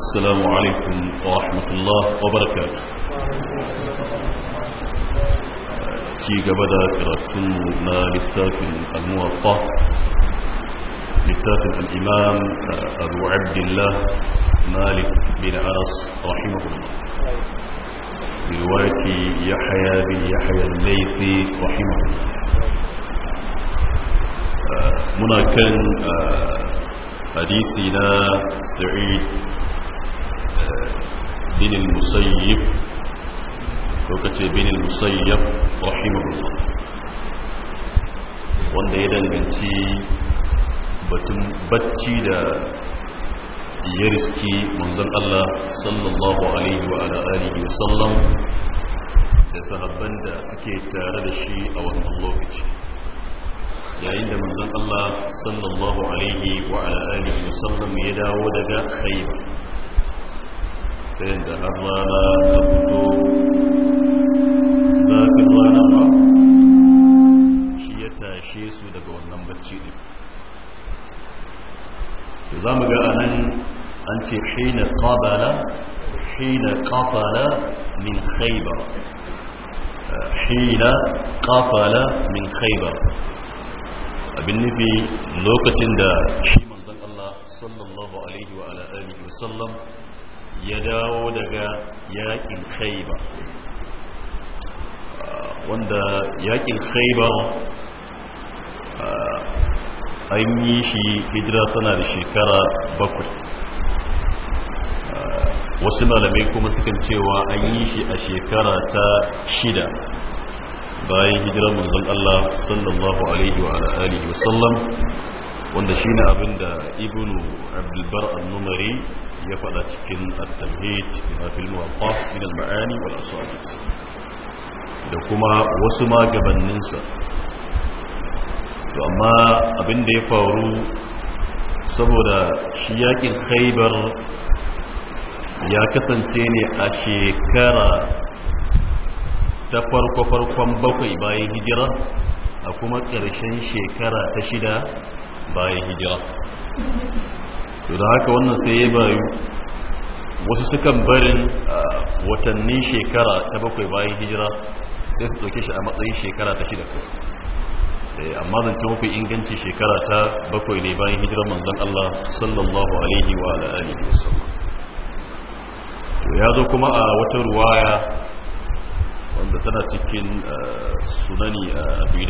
السلام عليكم ورحمة الله وبركاته في قبدا كراتنا لكتاب الموطة لكتاب الإمام أبو عبد الله مالك بن أنس رحمه الله برواية يحيى بن يحيى الليثي رحمه الله منا كان حديثنا سعيد bin al-musayyib ko kace bin al-musayyib rahimahullah wanda ya danganci batun bacci da ya riski manzon Allah sallallahu alaihi wa ala alihi wa sallam da sahabban da suke tare da shi a wannan lokaci yayin da manzon Allah sallallahu alaihi wa ala alihi wa sallam ya dawo daga Khaybar ta yadda har rana ta fito zafin rana ba shi ya tashe su daga wannan bacci ne to za mu ga a nan an ce hina qabala hina qafala min khaybar hina qafala min khaybar abin nufi lokacin da shi manzon Allah sallallahu alaihi wa alihi wa sallam ya dawo daga yaƙin saiba ah, wanda yaƙin saiba ah, an yi shi hijira tana da shekara bakwai ah, wasu malamai kuma sukan cewa an yi shi a shekara ta shida bayan hijirar manzon Allah sallallahu alaihi wa alihi wasallam wanda shi ne abin da ibnu abdulbar al-numari ya faɗa cikin al-tamhid na filmu al min al-ma'ani wal da kuma wasu magabanninsa to amma abin da ya faru saboda shi yakin ya kasance ne a shekara ta farko-farkon bakwai bayan hijira a kuma ƙarshen shekara ta shida bayan hijira to da haka wannan sai ya bayu wasu sukan barin watanni shekara ta bakwai bayan hijira sai su ɗauke shi a matsayin shekara ta shida eh, amma zance mafi inganci shekara ta bakwai ne bayan hijirar manzan Allah sallallahu alaihi wa alihi to ya zo kuma a wata ruwaya wanda tana cikin sunani a Abi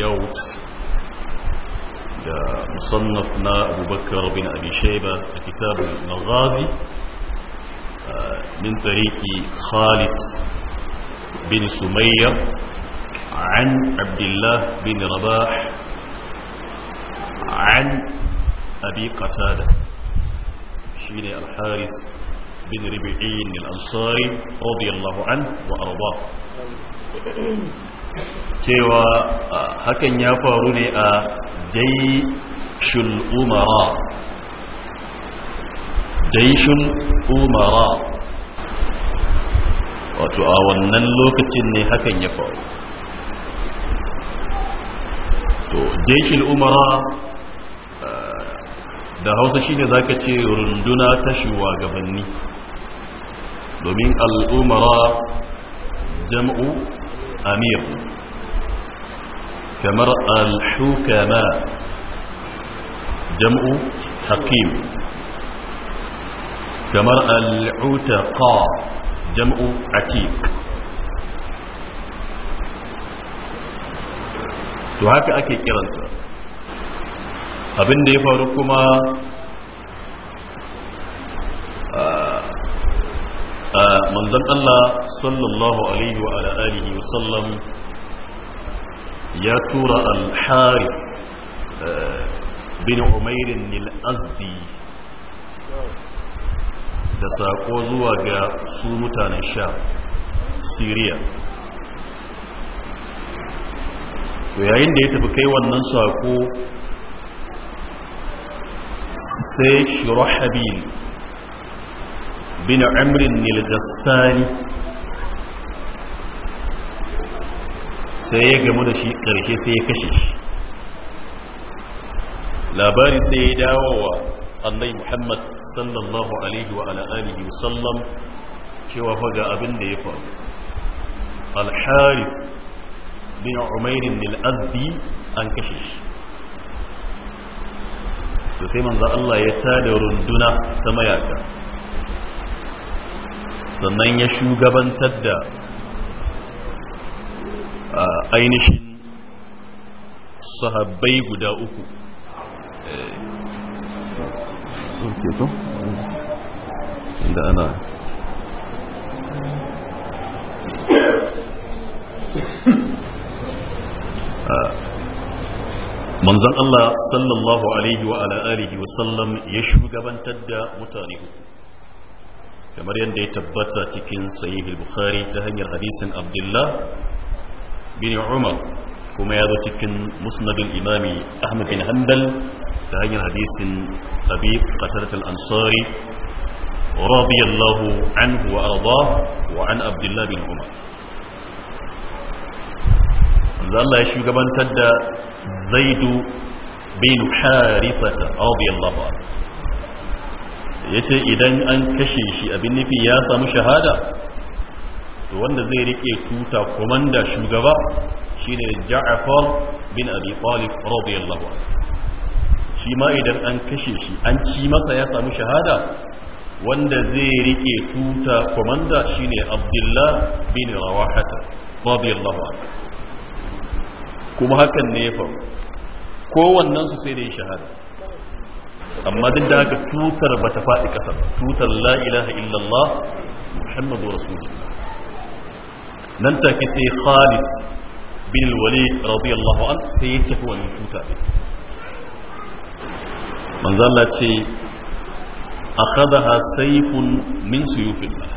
مصنفنا أبو بكر بن أبي شيبة في كتاب المغازي آه، من طريق خالد بن سمية عن عبد الله بن رباح عن أبي قتادة شين الحارس بن ربيعين الأنصاري رضي الله عنه وأرضاه cewa hakan ya faru ne a jaishul umara jaishul umara wato a wannan lokacin ne hakan ya faru to jaishul umara da hausa shine zaka ce runduna ta shugabanni domin al'umara jam'u أمير كمرأة الحكماء جمع حكيم كمرأة العتقاء جمع عتيق تو هكا أكي كيرانتا أبن دي فاروكما manzon Allah sallallahu alaihi wa alihi wa sallam ya tura al eh, bin Umairin nilazdi da sako zuwa ga su mutanen sha syria to yayin da ya tafi kai wannan sako sai shirahabil bin amrin nilgassani sai ya gamu da shi ƙarshe sai ya kashe shi labari sai ya dawo wa annai muhammad sallallahu alaihi wa ala'alihi wasallam cewa faga abin da ya faru alharis bin umairin nil'azdi an kashe shi to sai manzo Allah ya tada runduna ta mayaka sannan ya shugabantar da ainihin sahabbai guda uku ana manzan Allah sallallahu alaihi wasallam ya shugabantar da mutane uku kamar yadda ya tabbata cikin sahih al-bukhari ta hanyar hadisin abdullah bin umar kuma ya zo cikin musnadul imami ahmad bin hanbal ta hanyar hadisin abi qatarat al-ansari radiyallahu anhu wa arda wa an abdullah bin umar wanda Allah ya shugabantar da zaidu bin harifata radiyallahu anhu ya ce idan an kashe shi abin nufi ya samu shahada to wanda zai riƙe tuta komanda shugaba shine ja'afar bin abi talib radiyallahu shi ma idan an kashe shi an ci masa ya samu shahada wanda zai riƙe tuta komanda shine abdullah bin rawahata radiyallahu anhu kuma hakan ne ya faru kowannen su sai da shahada amma duk da haka tutar ba ta faɗi ƙasar tutar la ilaha illallah muhammadu rasulullah nan take sai khalid bin wali, radiyallahu an sai ya tafi wannan tuta ne manzo Allah ce akhadaha sayfun min suyufillah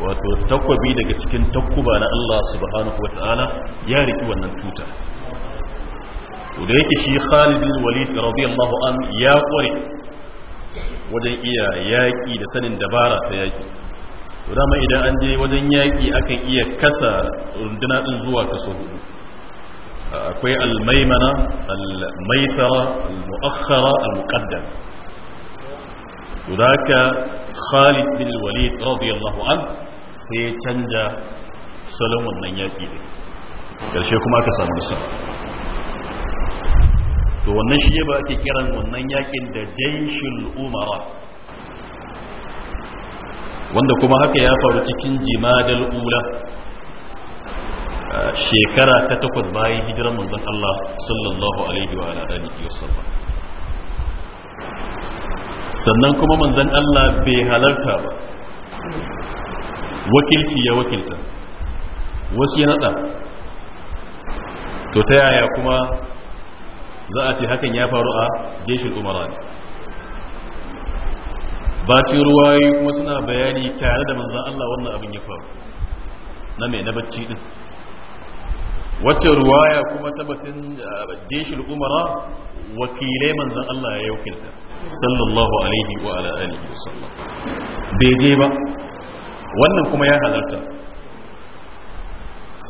wato takwabi daga cikin takkuba na Allah subhanahu wataala ya riki wannan tuta to da yake shi Khalid bin Walid radiyallahu an ya kware wajen iya yaƙi da sanin dabara ta yaƙi to dama idan an je wajen yaƙi akan iya kasa runduna din zuwa kaso hudu akwai al-maimana al-maisara al-mu'akhkhara al-muqaddam to da haka Khalid bin Walid radiyallahu an sai ya canja salon wannan yaƙi ne ƙarshe kuma aka samu nasara to wannan shi ne ba ake kiran wannan yakin da jaishul umara wanda kuma haka ya faru cikin jimadal ula shekara ta takwas bayan hijirar manzon Allah sallallahu alaihi wa alihi wasallam sannan kuma manzon Allah bai halarta ba wakilci ya wakilta wasu ya nada to ta yaya kuma za a ce hakan ya faru a jeshin umara bacin ruwayoyi kuma suna bayani tare da manzan Allah wannan abin ya faru na mai na bacci din wacce ruwa ya kuma tabbatin jeshin ah, umara wakilai manzan Allah ya yaukilta sallallahu alaihi wa ala alihi wasallam bai je ba wannan kuma ya halarta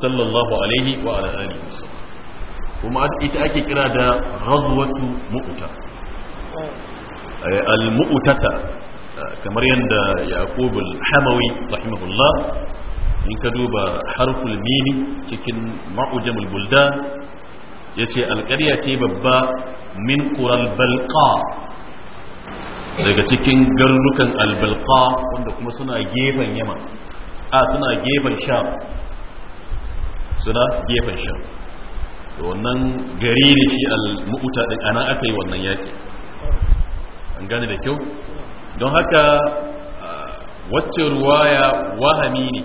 sallallahu alaihi wa ala alihi wasallam kuma ita ake kira da ghazwatu mu'ta al mu'tata kamar yadda yaqub al-hamawi rahimahullah in ka duba harful mim cikin ma'ujam al buldan yace al qarya ce babba min qural balqa daga cikin garurukan al balqa wanda kuma suna gefen yaman a suna gefen sham suna gefen sham to wannan gari ne shi al-mu'uta din anan aka yi wannan yaki an gane da kyau don haka wacce ruwaya wahami ne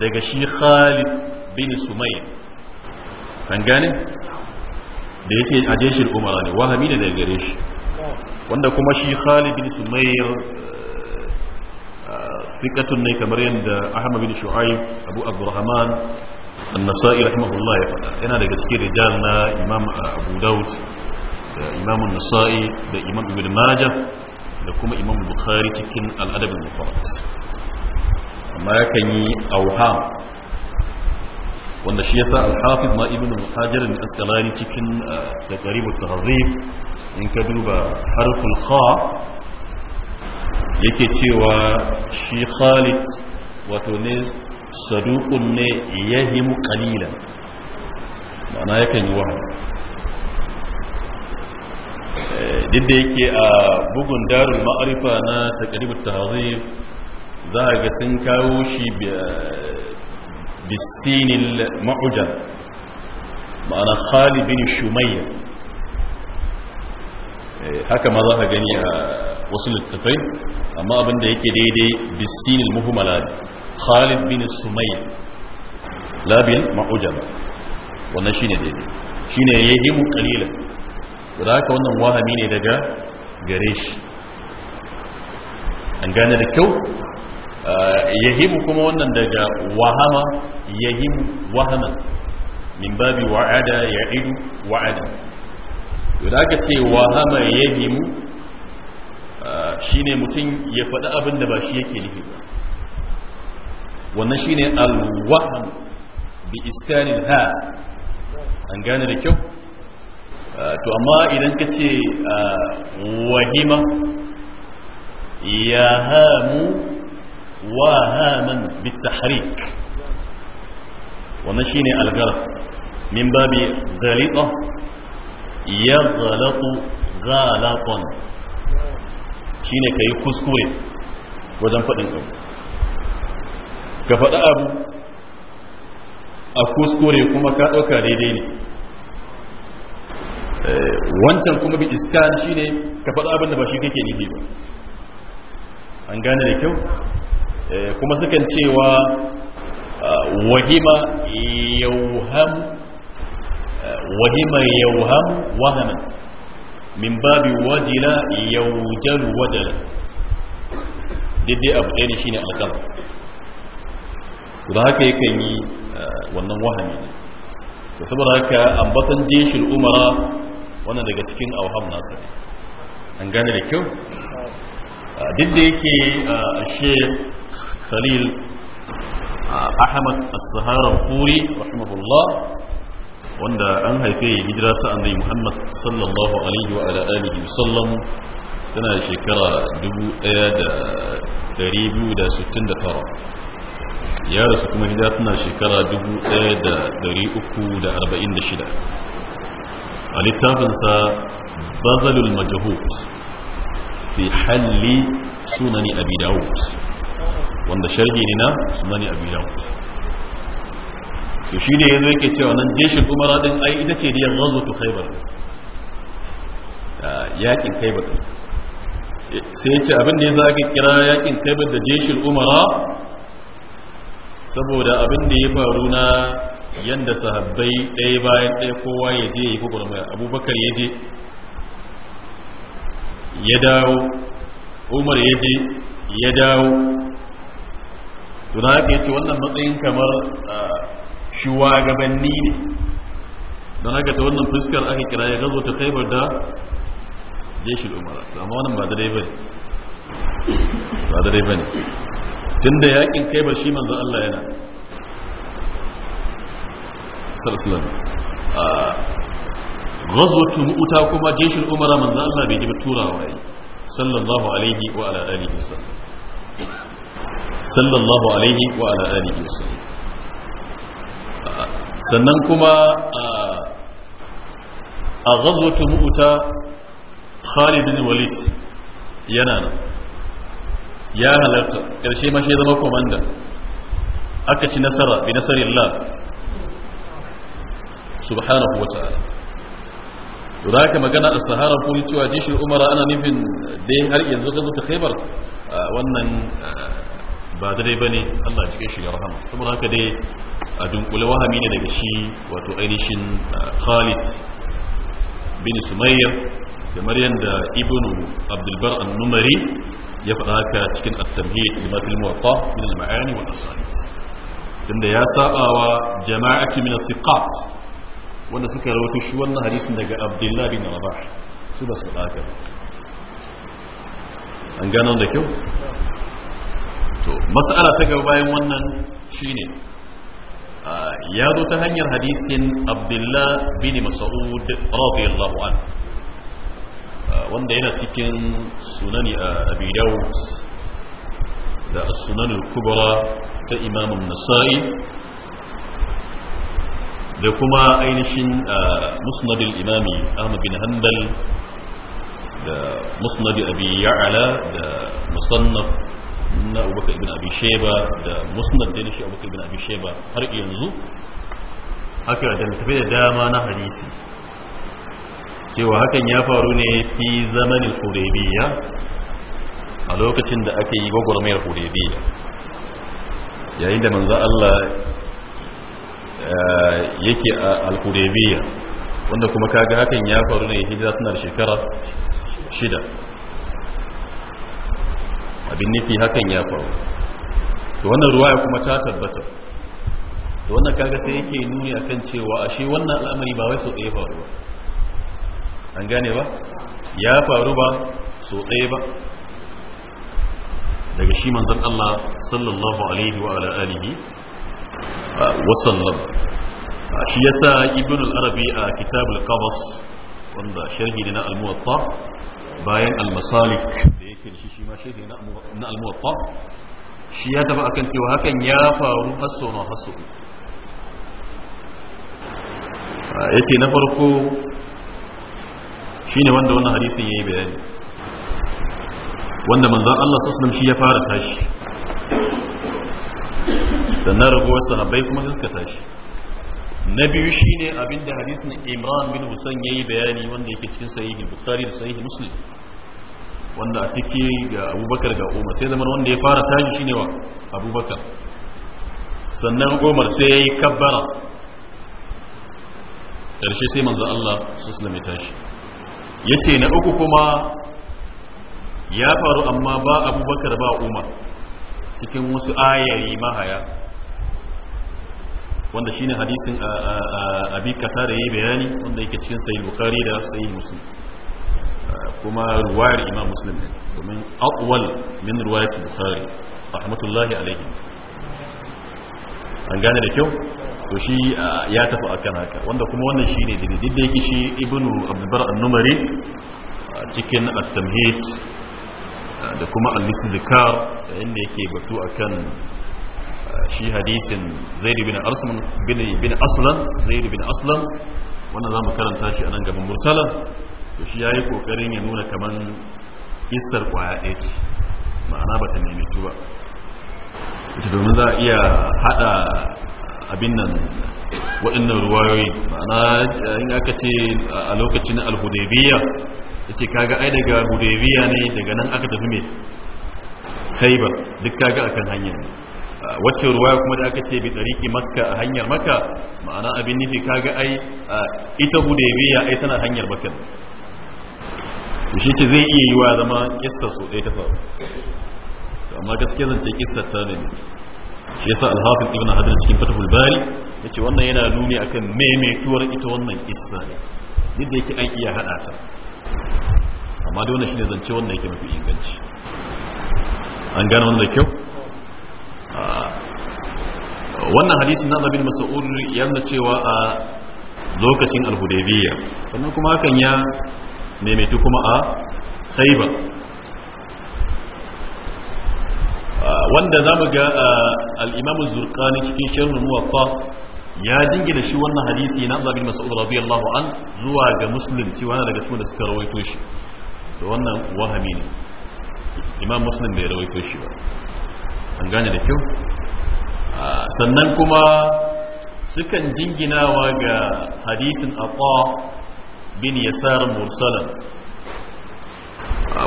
daga shi khalid bin Sumayya. an gane da yake a jeshin umara ne wahami ne daga gare shi wanda kuma shi khalid bin Sumayya, sikatun ne kamar yadda ahmad bin shu'aib abu abdurrahman النسائي رحمه الله أنا لك تكير رجالنا إمام أبو داود إمام النسائي إمام ابن ماجة لكم إمام البخاري تكين الأدب المفرد ما كني أوهام والنشيء الحافظ ما ابن الحجر الأسقلاني تكين آه، تقريب التغذيب إن كدوا حرف الخاء يكتي وشي خالد وتونيز saduqun ne yahimu ƙalilan, ma'ana yakan yi wahala eh, duk da yake a bugun darul ma'arifa na taqribut tahzib za a ga sun kawo shi bisinin ma'ujan ma'ana khali bin shumayya eh, haka ma za a gani a wasu littattafai amma abinda yake daidai bisinin muhimmala ne khalid bin sumayya labin ma'ujaba wannan shine daidai shine yahimu qalilan da haka wannan wahami ne daga gare shi an gane da kyau ah, yahimu kuma wannan daga wahama ya yahimu wahama min babi wa'ada ya'idu wa'ada da aka ce wahama yahimu ah, shine mutum ya faɗi abin da ba shi yake nufi ba wannan shine alwahm bi iskanin ha an gane da kyau ah, to amma idan ka ce ah, wahima ya hamu wahaman bitahrik wannan shine algar min babi galita ya zalatu zalaton shine kai kuskure wajen faɗin abu ka faɗi abu a kuskure kuma ka ɗauka daidai ne eh, wancan kuma bi shi shine ka faɗi abin da ba shi kake nufi ba an gane da kyau eh, kuma sukan cewa ah, wahima yauham eh, wahima yauham wahaman min babi wajila yaujalu wajala daidai abu ɗaya ne shine alƙalat to da haka yakan yi eh, wannan wahami ne to saboda haka ambatan jeshin umara wannan daga cikin auham nasa ne an gane da kyau eh, duk da yake eh, shekh khalil ahmad as-sahara furi rahimahullah wanda an haife hijira ta annabi muhammad sallallahu alaihi wa ala alihi sallam tana shekara 1269 ya rasu kuma hijira tana shekara 1346 a littafinsa bazalul majahut fi halli sunani abi dawud wanda sharhi ne na sunani abi dawud to shi ne yanzu yake cewa nan jeshin umara din ai ita ce da yanzu zuwa khaybar yakin khaybar sai ya ce abin da ya za ka kira yakin khaybar da jeshin umara saboda abin da ya faru na yadda sahabbai ɗaya bayan ɗaya kowa ya je ya yi gwagwarmaya abubakar ya je ya dawo umar ya je ya dawo tuna haka ya ce wannan matsayin kamar gabanni ne don haka ta wannan fuskar aka kira ya gazo ta saibar da jeshi umara amma wannan ba da dai ba ne ba ba ne da yakin kai ba shi manzo Allah yana sallallahu ah, ghazwatu uta kuma jeshin umara manzo Allah bai ji turawa yi sallallahu alaihi wa ala alihi sallallahu alaihi wa ala alihi wasallam ah, sannan kuma ah, a ghazwatu mu'ta Khalid bin Walid yana nan ya halarta ƙarshe mashi shi zama komanda aka ci nasara bi nasarillah subhanahu wata'ala to da haka magana a sahara kuri cewa jishin umara ana nufin dai har yanzu ka zuka khaibar wannan ba dare ba ne allah cike shi ga rahama saboda haka dai a dunkule wahami ne daga shi wato ainihin khalid bin sumayya kamar da ibnu abdulbar annumari ya faɗa haka cikin at-tamhid lima fil min al-ma'ani wal asanid inda ya sabawa jama'ati min as-siqat wanda suka rawaito shi wannan hadisin daga Abdullah bin Rabah su ba su faɗa haka an gano da kyau to mas'ala ta gaba bayan wannan shine ya zo ta hanyar hadisin Abdullah bin Mas'ud radiyallahu anhu wanda yana cikin sunani a abi da sunan al-kubra ta imam an da kuma ainihin musnad al-imam ahmad bin Handal da musnad abi ya'la da musannaf na abubakar ibn abi shayba da musnad da shi abubakar ibn abi shayba har yanzu haka da tafi da dama na hadisi cewa hakan ya faru ne fi zamanin hudebiya a lokacin da aka yi gwagwarmayar hudebiya yayin da manzo Allah eh, yake a al wanda kuma kaga hakan ya faru ne hijira tunar shekara shida abin nufi hakan ya faru to wannan ruwaya kuma ta tabbata to wannan kaga sai yake nuni akan cewa ashe wannan al'amari ba wai so ɗaya faru ba an gane ba ya faru ba so ɗaya ba daga shi manzan Allah sallallahu alaihi wa ala alihi wa sallam shi yasa ibn al-arabi a kitab al-qabas wanda sharhi ne na al-muwatta bayan al-masalik da yake shi shi ma sharhi na al-muwatta shi ya taba akan cewa hakan ya faru hasso na hasso yace na farko shine wanda wannan hadisin yayi bayani wanda manzon Allah sallallahu shi ya fara tashi sannan ragowar sahabbai kuma suka tashi na biyu shine abinda hadisin Imran bin Husayn yayi bayani wanda yake cikin sahihi Bukhari da sahihi Muslim wanda a ciki ga Abubakar ga Umar sai zaman wanda ya fara tashi shine wa Abubakar sannan Umar sai yayi kabbara karshe sai manza Allah sallallahu alaihi wasallam ya tashi ya ce na uku kuma ya faru amma ba abubakar ba umar cikin wasu ayari mahaya wanda shine hadisin abi kata da yayi bayani wanda yake cikin sahih bukhari da sahih muslim kuma ruwayar imam muslim ne domin aqwal min ruwayat bukhari rahmatullahi alayhi an gane da kyau to shi ya tafi akan haka wanda kuma wannan shi ne daidai duk da yake shi ibnu abdulbar annumari cikin at-tamhid da kuma al-istizkar inda yake batu akan shi hadisin Zaidu bin bin aslan bin aslan wannan zamu karanta shi a nan gaban mursalan to shi yi kokarin ya nuna kaman issar kwaya ɗaya ce ma'ana ta nemi tuba ita domin za a iya hada abin nan waɗannan ruwayoyi ma'ana in aka ce a lokacin al-hudaybiya yace kaga ai daga hudaybiya ne daga nan aka tafi me khaybar duk kaga akan hanyar wacce ruwaya kuma da aka ce bi tsariki makka a hanyar makka ma'ana abin nufi kaga ai ita hudaybiya ai tana hanyar makka shi ce zai iya yiwa zama kissa su ɗaya ta faru amma gaskiya zance kissa ta ne shi yasa al-hafiz ibn hajar cikin fathul bari yace wannan yana nuni akan maimaituwar ita wannan kissa duk da yake an iya hada ta amma dai wannan ne zance wannan yake mafi inganci an gane wannan da kyau wannan hadisi na nabin mas'ud yana cewa a lokacin al sannan kuma hakan ya maimaitu kuma a khaybar wanda za mu ga al'imamu zurkani cikin shirin muwaffa ya jingina shi wannan hadisi na abin mas'ud radiyallahu an zuwa ga muslim cewa yana daga cikin da suka rawaito shi to wannan wahami ne imam muslim bai rawaito shi ba an gane da kyau sannan kuma sukan jinginawa ga hadisin aqwa bin yasar mursalan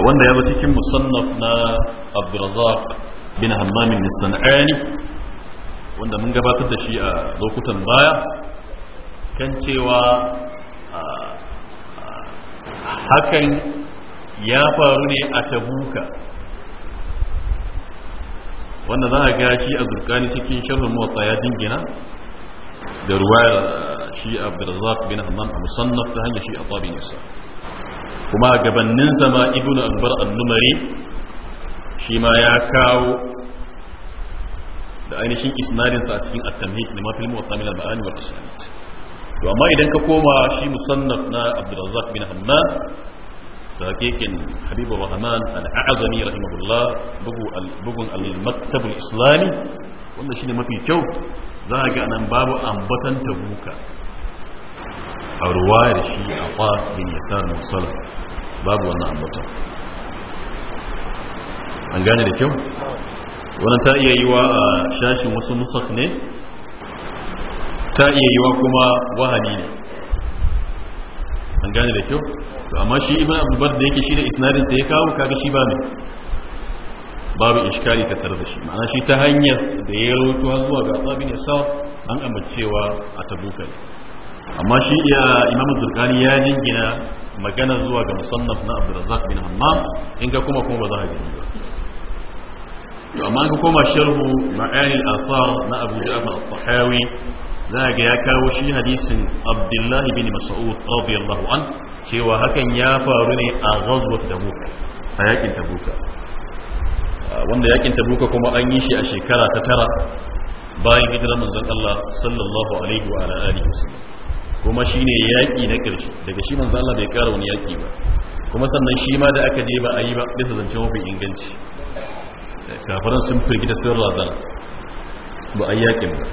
wanda ya zo cikin musannaf na abdurrazzaq bin hammamin nisan'ani wanda mun gabatar da shi a lokutan baya kan cewa hakan ya faru ne a tabuka wanda za a gaji a zurkani cikin shirin motsa ya jingina da ruwayar shi abdurazak bin hammam a musannaf ta hanyar shi a tsabi nisa kuma a sama ibn akbar al-numari shi ma ya kawo da ainihin isnadinsa a cikin at-tamhid da mafi muwatta min al ba'ani wal isnad to amma idan ka koma shi musannaf na Abdurrazzaq bin Hammam da hakikin Habibur Rahman al-A'zami rahimahullah bugu al-bugun al-maktab al-islami wannan shine mafi kyau za ka ga nan babu ambatan tabuka a da shi a bin yasar musalla babu wannan ambatan an gane da kyau wannan ta iya yiwa a shashin wasu musaf ne ta iya yiwa kuma wahani ne an gane da kyau to amma shi ibn abdulbar da yake shi da isnadin sai ya kawo kaga shi ba ne babu iskali ta tare da shi ma'ana shi ta hanyar da ya roto har zuwa ga Abu bin Sa'd an ambacewa a Tabuka amma shi iya imamu zurkani ya jingina magana zuwa ga musannaf na abdurrazzaq bin hammam in ga kuma kuma ba za a yi ba to amma ga kuma sharhu ma'ani al-asar na abu ja'far al-tahawi za ga ya kawo shi hadisin abdullah bin mas'ud radiyallahu an cewa hakan ya faru ne a ghazwat tabuk a yakin tabuk wanda yakin tabuk kuma an yi shi a shekara ta tara bayan hijira manzon Allah sallallahu alaihi wa alihi wasallam kuma shine yaƙi na ƙarshe daga shi manzo Allah bai ƙara wani yaƙi ba kuma sannan shi ma da aka je ba a yi ba bisa zance mafi inganci kafaran sun firgita sun razana ba a yaƙin ba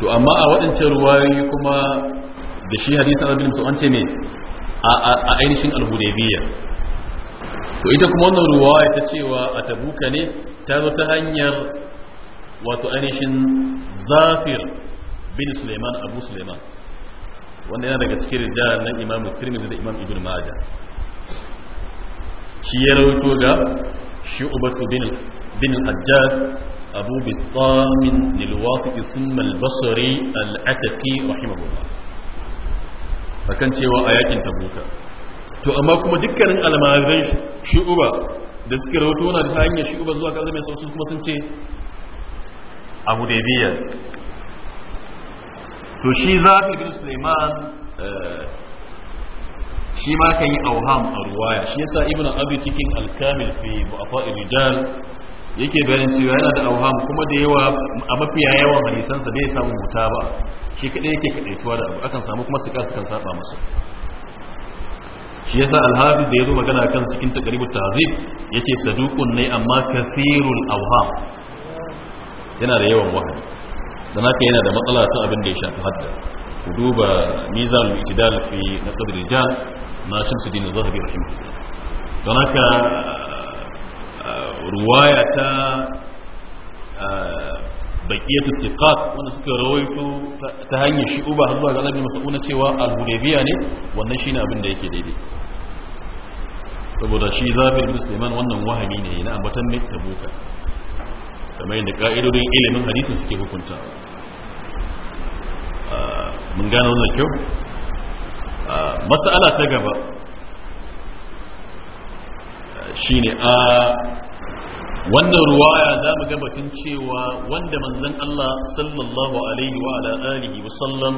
to amma a waɗancan ruwayoyi kuma da shi hadisan albin an ce ne a ainihin alhudebiyya to ita kuma wannan ruwaya ta cewa a tabuka ne ta zo ta hanyar wato ainihin zafir bin suleiman abu suleiman wanda yana daga cikin rijal nan imam Tirmidhi da imam ibn majah shi ya rawaito ga shu'batu bin bin al-hajjaj abu Bistam bin al wasiq thumma al-basri al-ataqi rahimahullah fakan cewa a yakin tabuka to amma kuma dukkanin almaran shu'uba da suka rawaito na da hanyar shu'uba zuwa ga mai sausun kuma sun ce abu Dabiya to shi zafir bin suleiman eh, shi ma kan yi auham a ruwaya shi yasa ibn abi cikin alkamil fi bu'afa rijal yake bayan cewa yana da auham kuma da yawa a mafi yawan hadisan sa bai samu muta ba shi kadai yake kadaituwa da abu akan samu kuma suka sukan saba masa shi yasa al-hafiz da yazo magana kan cikin taqribut tahzib yace saduqun ne amma kasirul auham yana da yawan wahayi dan haka yana da matsala ta abin da ya shafi hadda ku duba mizan al-itidal fi nasab rijal na shamsuddin az-zahabi rahimahullah dan haka uh, ruwaya ta uh, bakiyat istiqat wanda suka rawaito ta hanyar shi uba zuwa ga Annabi na cewa al-Hudaybiya ne wannan shine abin da yake daidai saboda shi Zabir bin wannan wahami ne yana ambatan ne tabuka kamar yadda ka'idodin ilimin hadisi suke hukunta ah, mun gano wannan kyau ah, mas'ala ta gaba ah, shine a wannan ruwaya za mu gabatin cewa wanda manzon Allah sallallahu alaihi wa alihi wa sallam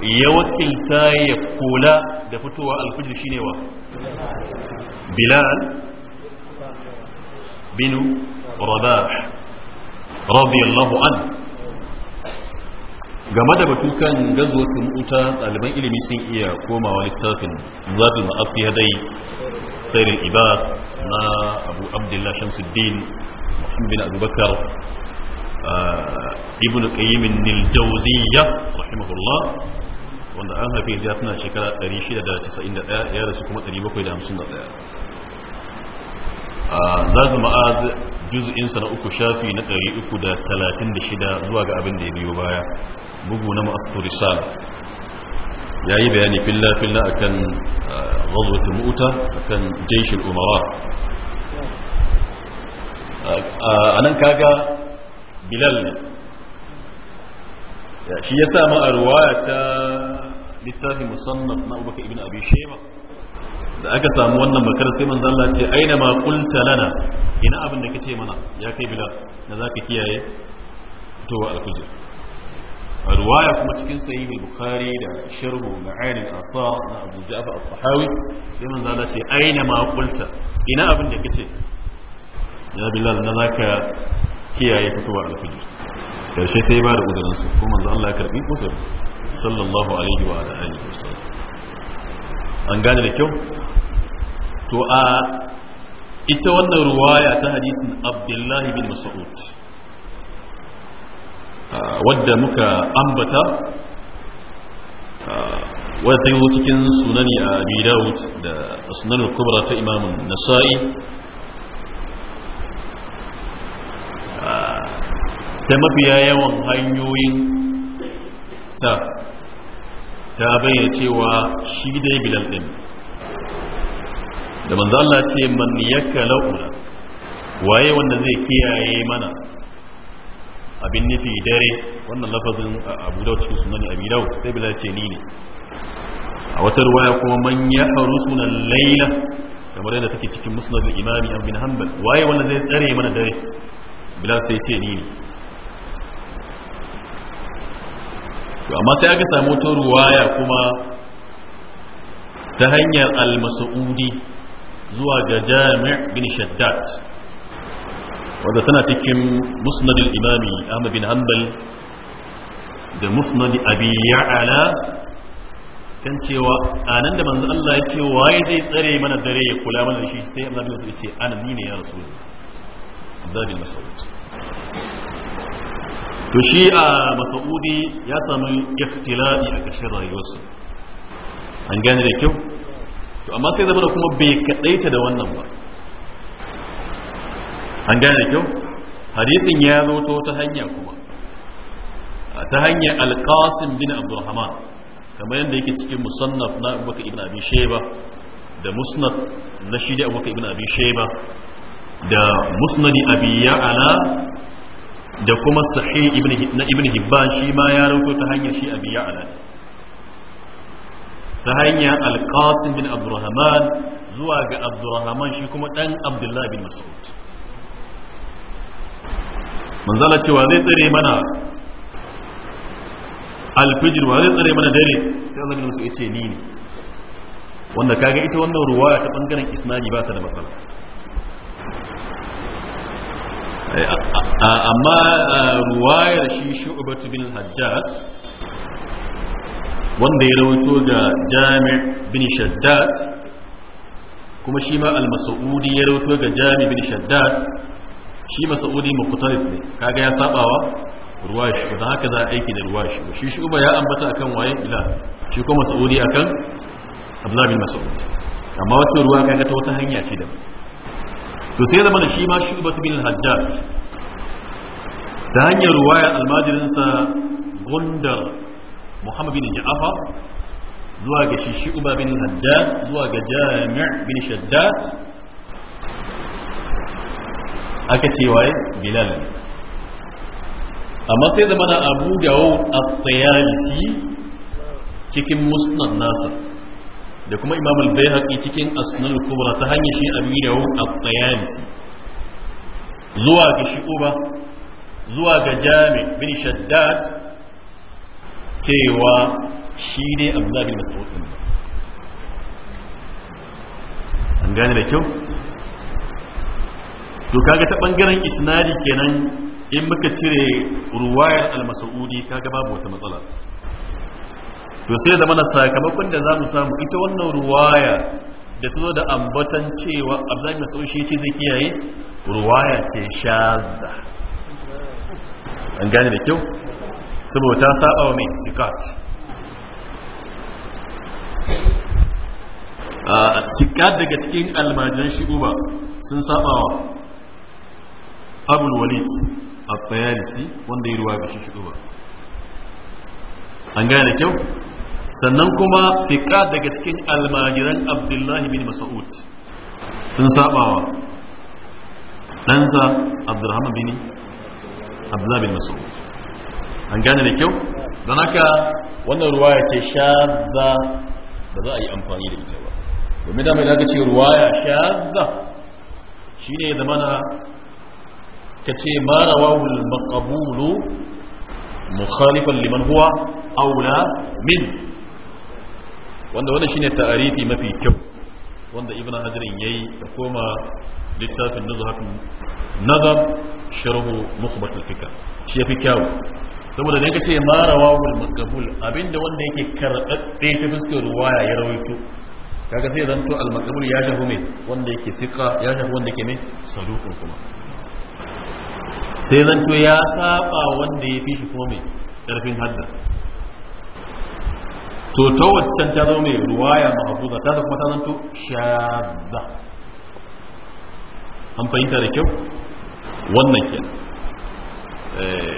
ya wakilta ya kula da fitowa alfijir shine wa bilal binu rabah radiyallahu an game da batu kan gazotun uta ɗaliban ilimi sun iya komawa littafin zaɓi ma'afi hadai sairin iba na abu abdullah shamsuddin muhammad abubakar ah, ibn qayyimin niljauziya rahimahullah wanda an haife ya tana shekara 691 ya rasu kuma 751 zazu ma'ad juz'insa na uku shafi na ɗari da da talatin shida zuwa ga abin da ya biyo baya bugu na ma'asturisal ya yi bayani filla-filla a kan ghazwata mu'uta a kan umara a nan kaga bilal ne shi ya sami a ruwaya ta littafin musannaf na abubakar ibn abi sheba da aka samu wannan bakar sai manzo Allah ce aina ma qulta lana ina abin da kace mana ya kai bilal da zaka kiyaye to al-fajr riwaya kuma cikin sahih al-bukhari da sharh ma'ani al-asar na Abu Ja'far al-Tahawi sai manzo Allah ce aina ma qulta ina abin da kace ya bilal da zaka kiyaye fitowa al-fajr karshe sai ba da uzurinsa kuma manzo Allah ya karbi uzurin sallallahu alaihi wa alihi wasallam an gane da kyau to a ita wannan ruwaya ta hadisin abdullahi bin mas'ud wadda muka ambata wadda ta yi cikin sunani a bidawut da sunan kubra ta imamun nasa'i ta mafiya yawan hanyoyin ta ta bayyana cewa shi dai bilal din da manzo Allah ce man yakaluna waye wanda zai kiyaye mana abin nufi dare wannan lafazin Abu Dawud cikin sunan Abi Dawud sai bilal ce ni ne a wata ruwaya kuma man ya arusuna laila kamar yadda take cikin musnad al imami Ibn Hanbal waye wanda zai tsare mana dare bilal sai ce ni ne to amma sai aka samu ta ruwaya kuma ta hanyar al-mas'udi zuwa ga jami'a bin shaddad wanda tana cikin musnadin imami ahmad bin hanbal da musnad abi ya'ala kan cewa anan da manzo Allah ya ce waye zai tsare mana dare ya kula mana shi sai annabi ya ce ana ni ne ya rasu. Abdullah bin Mas'ud to shi a masaudi ya sami ikhtila'i a ƙarshen rayuwarsa an gane da kyau to amma sai zama da kuma bai kaɗaita da wannan ba an gane da kyau hadisin ya zo ta hanya kuma ta hanya alƙasim bin abdurrahman kamar yadda yake cikin musannaf na abubakar ibn abi sheba da musnad na shi da abubakar ibn abi sheba da musnadi abi ya'ala da kuma Sahi na ibn hibban shi ma ya rawaito ta hanyar shi abi ya'la ta hanyar alqasim bin abdurrahman zuwa ga abdurrahman shi kuma dan abdullahi bin mas'ud manzala cewa zai tsare mana alfijir wa zai tsare mana dare sai Allah bin mas'ud ya ce ni ne wanda kaga ita wannan ruwaya ta bangaren isnadi ba ta da matsala Eh, amma eh, ruwayar shi shu'batu bin hajjaj wanda ya rawato ga jami bin shaddad kuma shi ma al-mas'udi ya rawato ga jami bin shaddad shi mas'udi mukhtalif ne kaga ya sabawa ruwayar shi haka za a aiki da ruwayar shi shi ya ambata akan waye ila shi kuma mas'udi akan abdullah bin mas'ud amma wata ruwa kaga ta wata hanya ce da to sai da mana shi ma shubat bin al ta hanyar ruwaya almajirinsa gundar muhammad bin ja'afar zuwa ga shi shuba bin al zuwa ga jami' bin shaddad aka ce waye bilal amma sai zama da abu dawud a tayalisi cikin musnad nasa da kuma imam al-bayhaqi cikin asnan kubra ta hanyar shi abi dawo at-tayalisi zuwa ga shi'uba zuwa ga jami bin shaddad cewa shi ne abdullah bin mas'ud an gane da kyau to kaga ta bangaren isnadi kenan in muka cire ruwayar al-mas'udi kaga babu wata matsala to sai da mana sakamakon da za mu samu ita wannan ruwaya da ta zo da ambatan cewa abdullahi masu shi ce zai kiyaye ruwaya ce shaza an gane da kyau saboda ta saba wa mai sikat sikat daga cikin almajiran Uba sun saba wa abul walid a tsayarisi wanda ya ruwa ga shi shi Uba. an gane da kyau sannan kuma siƙa daga cikin almajiran abdullahi bin mas'ud sun sabawa ɗansa abdurrahman bin abdullahi bin mas'ud an gane da kyau don haka wannan ruwaya ce shazza da za a yi amfani da ita ba domin da mai daga ce ruwaya shazza shine ya zamana ka ce ma rawahul maqbulu mukhalifan liman huwa aula min wanda wani shine ta'arifi mafi kyau wanda ibn hajarin yayi da koma littafin nuzhatun nazar sharhu mukhbat al-fikr shi yafi kyau saboda da ce ma rawahul maqbul abinda wanda yake karbadde ta fuskar ruwaya ya rawaito kaga sai zanto al-maqbul ya shafu me wanda yake sika ya shafu wanda yake me saduqun kuma sai to ya saba wanda ya fi shi kuma me karfin hadda to ta waccan ta zo mai ruwaya mahfuza ta kuma ta zanto shadda an fahimta da kyau wannan ke eh,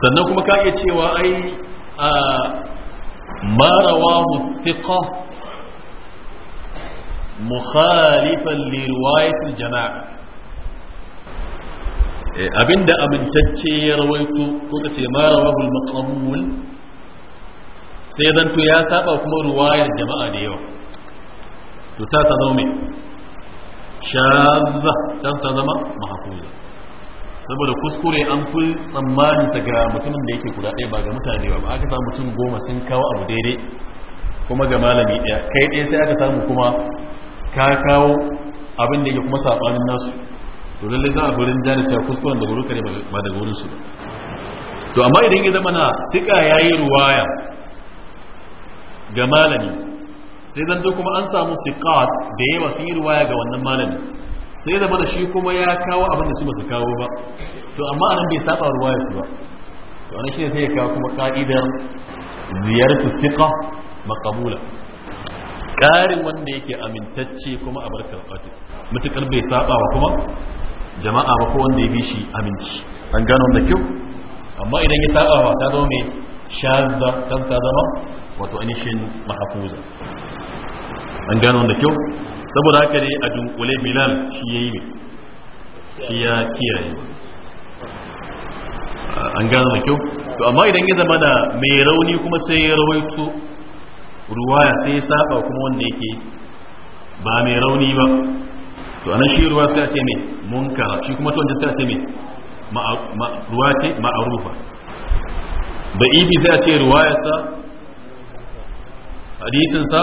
sannan kuma ka iya cewa ai a marawa muthiqa mukhalifan li riwayatil jama'a eh, abinda amintacce ya rawaito ko ka kace marawa al maqbul sai zanto ya saba kuma ruwayar jama'a da yawa to ta ta zama shaza, ta ta zama mahakuza saboda kuskure an fi tsammanin sa ga mutumin da yake kuda ɗaya ba ga mutane ba aka samu mutum goma sun kawo abu daidai kuma ga malami ɗaya kai ɗaya sai aka samu kuma ka kawo abin da yake kuma saɓanin nasu to lallai za a gurin janice kuskuren da ba da gurin su to amma idan ya zama na sika yayi ruwaya ga malami sai zanto kuma an samu siqat da yawa sun yi ruwaya ga wannan malami sai zama da shi kuma ya kawo abin da su ba su kawo ba to amma anan bai saba ruwaya su ba to anan ne sai ya kawo kuma ka'idar ziyartu siqa maqbula karin wanda yake amintacce kuma a barkar Fati, mutukar bai saba wa kuma jama'a ba ko wanda ya bi shi aminci an gano da kyau amma idan ya saba wa ta zo mai shazza kasta zama wato anishin mahafuza an gano da kyau saboda haka ne a dunkule bilal shi ya yi ne shi ya kiyaye an gano da kyau to amma idan ya zama da mai rauni kuma sai ya rawaito ruwaya sai ya saba kuma wanda yake ba mai rauni ba to anan shi ruwa sai a ce mai munkara shi kuma wanda sai a ce mai ruwa ce ma'arufa da ibi sai a ce ruwayarsa hadisinsa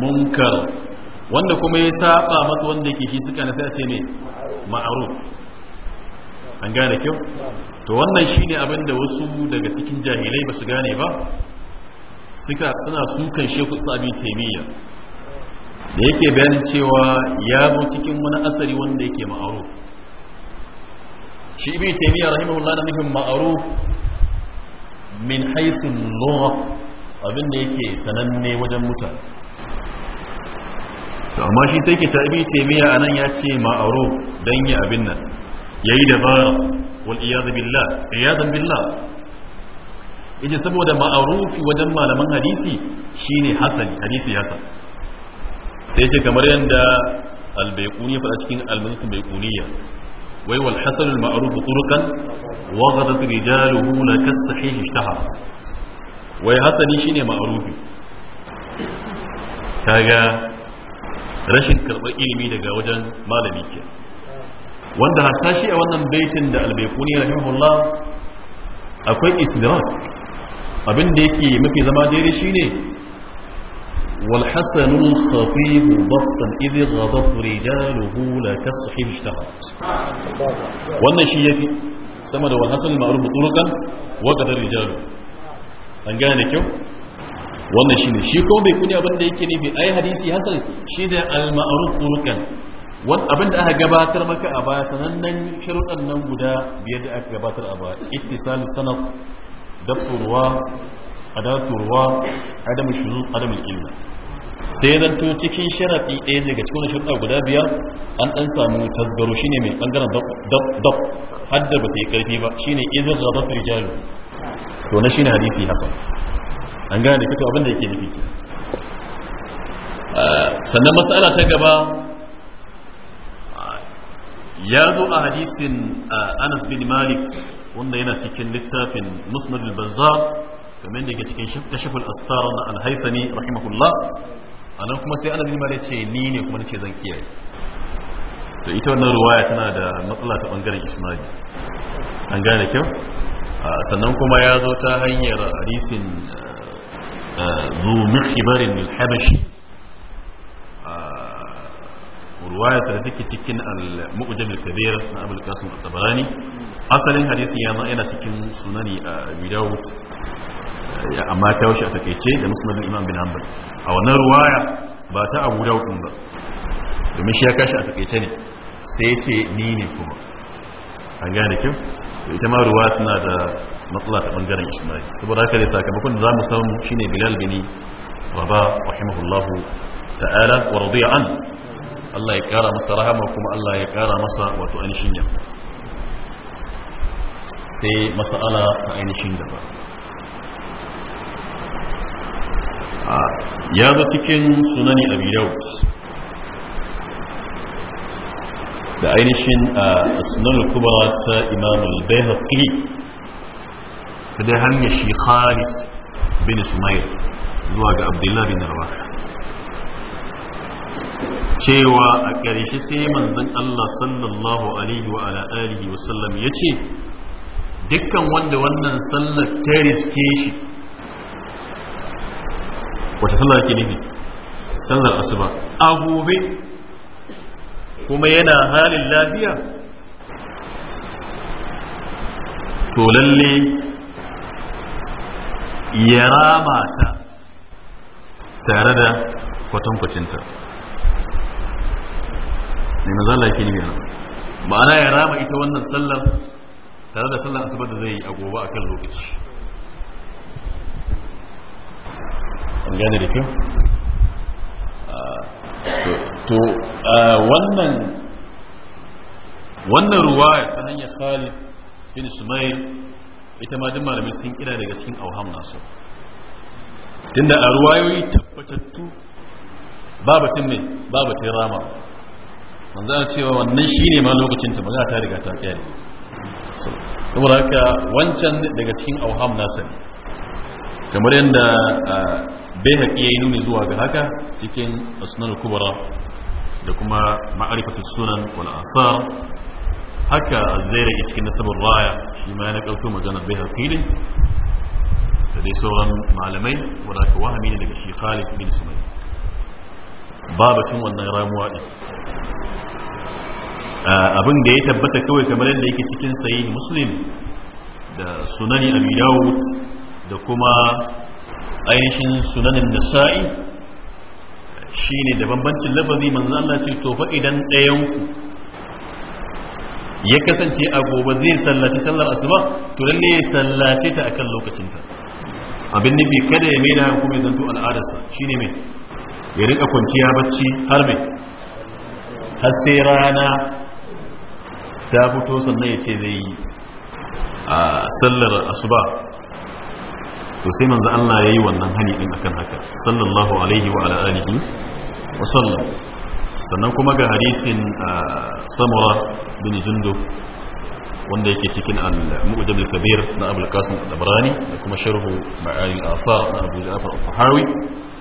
munkar wanda kuma ya saba masa wanda yake shi suka nasa ce ne ma'aruf an gane kyau to wannan shi ne abinda wasu daga cikin jahilai ba su gane ba suka suna sukan sheku sabi taimiyya da yake bayanin cewa ya zo cikin wani asari wanda yake ma'aruf shi ibi taimiyya rahimahullah na nufin ma'aruf min haisun lura abin da yake sananne wajen mutan. to amma shi sai ke tabi taimiyya a nan ya ce ma'aro don yi abin nan ya yi dabara wal iyazan billah saboda ma'arufi wajen malaman hadisi shine hasani hadisi yasa sai ce kamar yadda albaikuni faɗa cikin almazkin baikuniya wai wal hasan al ma'ruf turukan wa ghadat rijaluhu la kasahih ishtahar wai hasani shine ma'rufi kaga rashin karɓar ilimi daga wajen malami ke wanda hatta shi a wannan baitin da albaikuni rahimahullah akwai isdrak abin da yake mafi zama daidai shine والحسن الخفيف ضغطا إذ غضب رجاله لكسح اجتمعت وانا شيء سما سمد والحسن المعروف طرقا وقد رجاله أنقاني كيو وانا شيء شيء كون بيكوني أبن ديكني في أي حديث حسن شيء ده المعروف طرقا وان أبن ده قباتر مكا أبا سنن شرط النوم بيد بيدأك قباتر أبا اتصال السنط دفر adatu ruwa adamu shuzuz adamu illa sai zan to cikin sharafi ɗaya daga cikin sharaɗa guda biyar an ɗan samu tasgaro shine mai ɓangaren dab hadda ba ta yi ƙarfi ba shine idan zaɓar rijalu to na shine hadisi hasan an gane da fito abin da yake nufi sannan matsala ta gaba ya zo a hadisin anas bin malik wanda yana cikin littafin musnad al-bazzar kamar da ke cikin kashiful astar na alhaisani rahimahullah a nan kuma sai annabi mare ce ni ne kuma nace zan kiyaye to ita wannan ruwaya tana da matsala ta bangaren isnadi an gane kyau sannan kuma ya zo ta hanyar hadisin zu mukhbarin al-habashi ruwaya sa da take cikin al-mu'jam al-kabir na Abul Qasim al-Tabarani asalin hadisin yana yana cikin sunani a Dawud amma ta wuce a takeice da musulmanin imam bin hanbal a wannan ruwaya ba ta abu da hukun ba domin shi ya kashi a takaice ne sai ce ni ne kuma an gane kyau da ita ma ruwa tana da matsala ta bangaren ismail saboda haka ne sakamakon da za mu samu shine bilal bini raba rahimahullahu ta'ala wa radiya an Allah ya kara masa rahama kuma Allah ya kara masa wato ainihin sai masala ta ainihin gaba ya zo cikin sunani a daud da ainihin sunan kubra ta imam al-bayhaqi ta dai hanyar shi khalid bin Isma'il zuwa ga abdullah bin cewa a ƙarshe sai manzon Allah sallallahu alaihi wa ala alihi wa sallam yace dukkan wanda wannan sallar ta riske shi wata sallar ke nufi sallar asuba a gobe kuma yana halin lafiya to lalle ya rama ta tare da kwatankwacinta ne na zala ke nufi ma'ana ya rama ita wannan sallar tare da sallar asuba da zai yi a gobe a kan lokaci gane da kyau ah, to ah, wannan wannan ruwa ta hanyar salif bin sumail ita ma duk malamai sun kira daga cikin auham nasu tunda a ruwayoyi tabbatattu babatin ne babatin rama manzo ana cewa wannan shine ma lokacin ta magana ta riga ta kare saboda haka wancan daga cikin auham nasu kamar yadda ah, bai haƙi ya yi nuni zuwa ga haka cikin asunan kubara da kuma ma'arifatu sunan wal asar haka azzaira a cikin nasabar raya shi ma na ƙauto magana bai haƙi ne da sauran malamai wadda ka daga shi khalid bin sumai babacin wannan ramuwa ɗin abin da ya tabbata kawai kamar yadda yake cikin sayi muslim da sunani abi dawud da kuma ainihin sunanin da nasa'i shine da bambancin labari, manzo Allah ce to idan ɗayanku ya kasance a gobe zai sallaci sallar asuba to lalle ya sallace ta akan lokacinta abin nufi kada ya maida hankali zan to al'adarsa shine mai ya rika kwanciya bacci har mai har sai rana ta fito sannan ya ce zai yi a sallar asuba to sai manzo Allah yayi wannan hani din akan haka sallallahu alaihi wa ala alihi wa sallam sannan kuma ga hadisin ah, samura bin junduf wanda yake cikin al-mu'jam al-kabir na Abul Qasim al-Dabrani da kuma sharhu ma'ani al-asar na Abu Ja'far al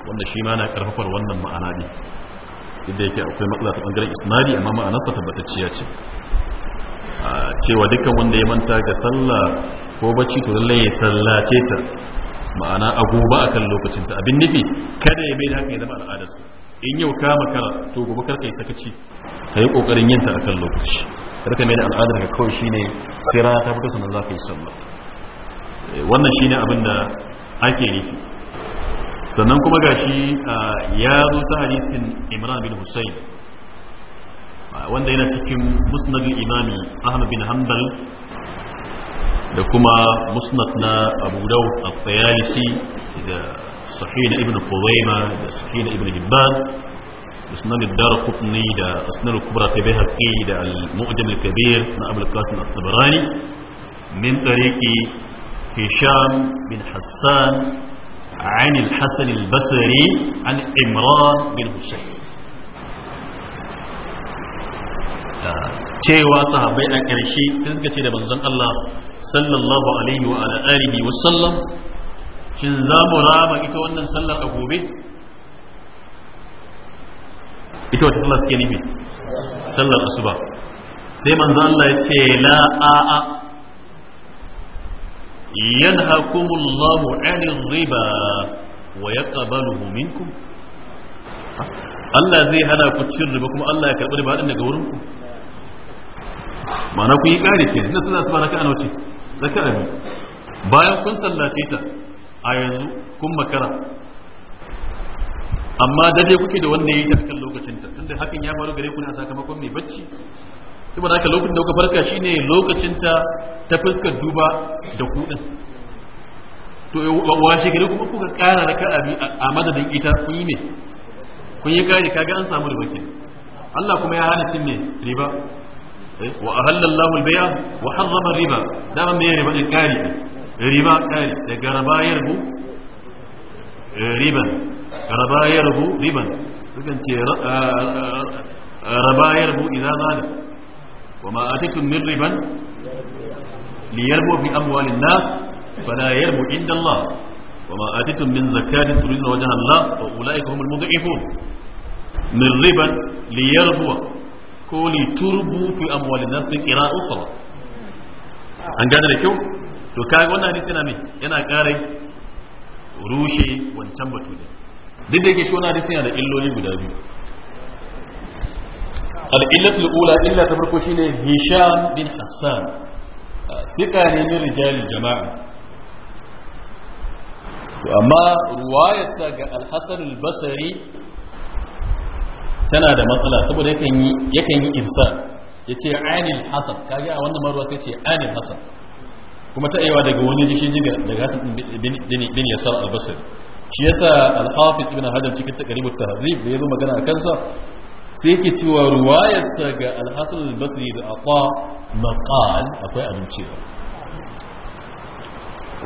wanda shi ma na karfafar wannan ma'ana ne inda yake akwai matsala ta bangaren isnadi amma ma'anarsa tabbatacciya ce ah, cewa dukkan wanda ya manta ga sallah ko bacci to lallai ya sallace ta ma'ana a agoba akan lokacin ta abin nufi kada ya bai da haka ya zama al'adar in yau ka makara to gobe kar kai sakaci ka yi kokarin yin ta akan lokaci kar ka mai da al'adar ka kawai shine sai rana ta fito sannan za ka yi sallah eh, wannan shine abin da ake nufi sannan kuma gashi ya zo ta hadisin imran bin husayn wanda yana cikin musnadin imami ahmad bin hanbal da kuma musnad na abu daud al-tayalisi da sahih ibn fudaima da sahih ibn hibban اسنان الدار قطني دا اسنان الكبرى تبهقي دا المؤجم الكبير من أبو القاسم الطبراني من طريق هشام بن حسان عن الحسن البصري عن عمران بن حسين cewa sahabbai a ƙarshe sai suka ce da manzon Allah sallallahu alaihi wa alihi wa sallam shin za mu raba ita wannan sallar a gobe ita wata sallar suke nufi sallar asuba sai manzon Allah ya ce la a'a yanhakumullahu 'anil riba wa yaqbaluhu minkum Allah zai hana ku cin riba kuma Allah ya karɓi riba din daga wurinku ku ma'ana ku yi ƙari ke na sallah asuba raka'a nawa ce raka'a biyu bayan kun sallace ta a yanzu kun makara amma dade kuke da wanda ya yi akan lokacin ta tunda hakan ya faru gare ku ne a sakamakon mai bacci saboda haka lokacin da kuka farka shine lokacin ta ta fuskar duba da ku din to washe gare kuma kuka ƙara raka'a biyu a madadin ita kun yi ne kun yi kare kaga an samu riba ke Allah kuma ya hana cin ne riba إيه؟ وأهل الله البيع وحرم الربا دائما ما ربا الكاري ربا كاري كربا يربو إيه، ربا كربا يربو ربا لكن آه، آه، آه، ربا يربو إذا مال وما آتيتم من ربا ليربو في أموال الناس فلا يربو عند الله وما آتيتم من زكاة تريدون وجه الله فأولئك هم المضعفون من ربا ليربو ko li turbu fi amwalin nas qira usra an gane da kyau to kaga wannan hadisi yana me yana ƙara rushe wancan batu ne duk da yake shi wannan hadisi yana da illoli guda biyu al-illatu ula illa ta farko shine hisham bin hassan sika ne min rijal jama'a to amma ruwayarsa ga al-hasan al-basri tana da matsala saboda yakan yi yakan yi irsa yace anil hasan kage a wannan maruwa sai ce anil hasan kuma ta aiwa daga wani jishi jiga daga hasan bin yasar al-basri shi yasa al-hafiz ibn hajar cikin taqribut tahzib da yazo magana a kansa sai yake cewa sa ga al-hasan al-basri da aqa maqal akwai abinci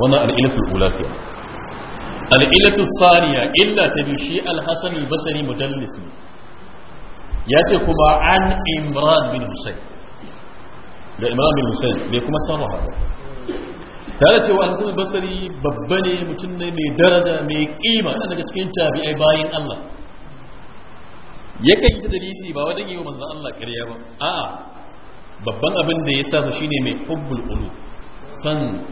wannan al-ilatul ula al-ilatus thaniya illa ta bi shi al-hasan al-basri mudallis ne ya ce kuma an imran bin husayn da imran bin husayn bai kuma saba haka tare ce wa hasan basari babba ne mutum ne mai daraja mai kima dan daga cikin tabi'ai bayan Allah yakan yi tadrisi ba wajen yi wa manzon Allah karya ba a'a babban abin da ya sa shi shine mai hubbul ulu san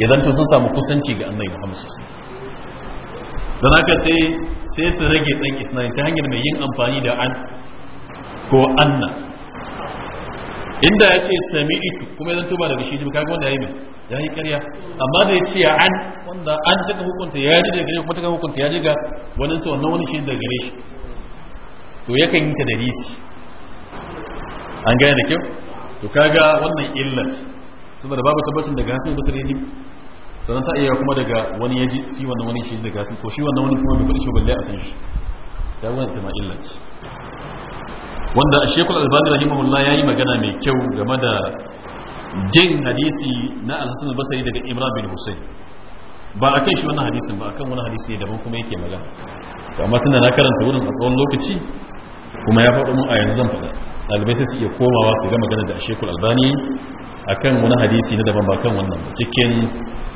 ya zanta sun samu kusanci ga annabi Muhammad sallallahu alaihi wasallam don haka sai sai su rage ɗan isna'in ta hanyar mai yin amfani da an ko anna inda ya ce sami itu kuma ya zanto ba daga shi jimi kaga wanda ya yi mai ya yi karya amma zai ce ya an wanda an taka hukunta ya ji daga gare kuma taka hukunta ya ji ga wani su wannan wani shi daga gare shi to kan yi ta da an gane da kyau to kaga wannan illat saboda babu tabbacin daga hasin basirin ya sannan ta iya kuma daga wani ya ji shi wannan wani shi da gasi ko shi wannan wani kuma bai faɗi shi balle a san shi ta wani ta ma'illa wanda a shekul albani rahimahullah ya yi magana mai kyau game da jin hadisi na alhassan basari daga imra bin Hussein. ba a kan shi wannan hadisin ba a kan wani hadisi ne daban kuma yake magana amma tunda na karanta wurin a tsawon lokaci kuma ya faɗo mun a yanzu zan faɗa ɗalibai sai su iya komawa su ga magana da shekul albani a kan wani hadisi na daban ba kan wannan cikin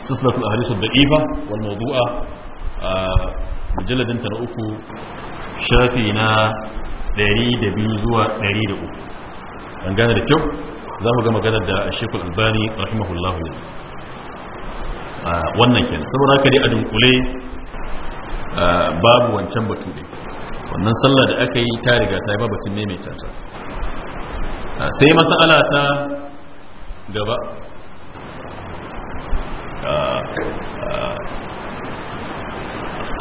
sislatul hadisu da iba wani mawdu'a a mujalladin ta na uku shafi na 102 zuwa 103 an gane da kyau za mu ga magana da shekul albani rahimahullahu ne wannan kenan saboda haka dai a dunkule babu wancan batu ne wannan sallah da aka yi ta riga ta yi babatin mai tata sai masala ta gaba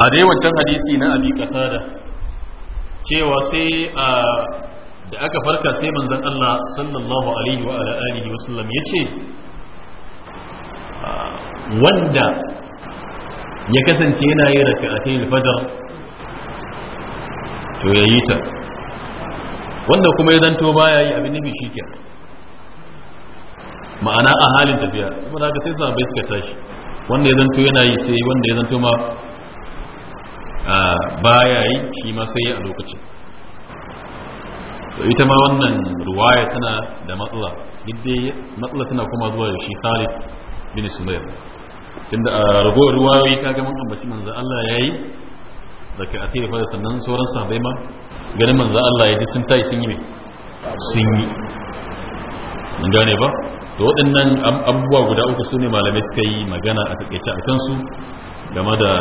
a dai wancan hadisi na abi qatada cewa sai a da aka farka sai manzon Allah sallallahu alaihi wa ala alihi wa sallam yace wanda ya kasance yana yin raka'atayn fajr to ya yi ta wanda kuma ya zanto baya yi abin nufi shi ke ma'ana a halin tafiya kuma da haka sai sa bai suka tashi wanda ya zanto yana yi sai wanda ya zanto ma baya yi shi ma sai a lokaci. to ita ma wannan ruwaya tana da matsala duk matsala tana kuma zuwa da shi Khalid bin Sumayr tunda a ragowar ruwayoyi kaga mun ambaci manzo Allah yayi daga ake fa sannan sauran sahabbai ma ganin manzo Allah ya ji sun tayi sun yi mai sun yi mun gane ba da waɗannan abubuwa guda uku sune malamai suka yi magana a takeice a kansu game da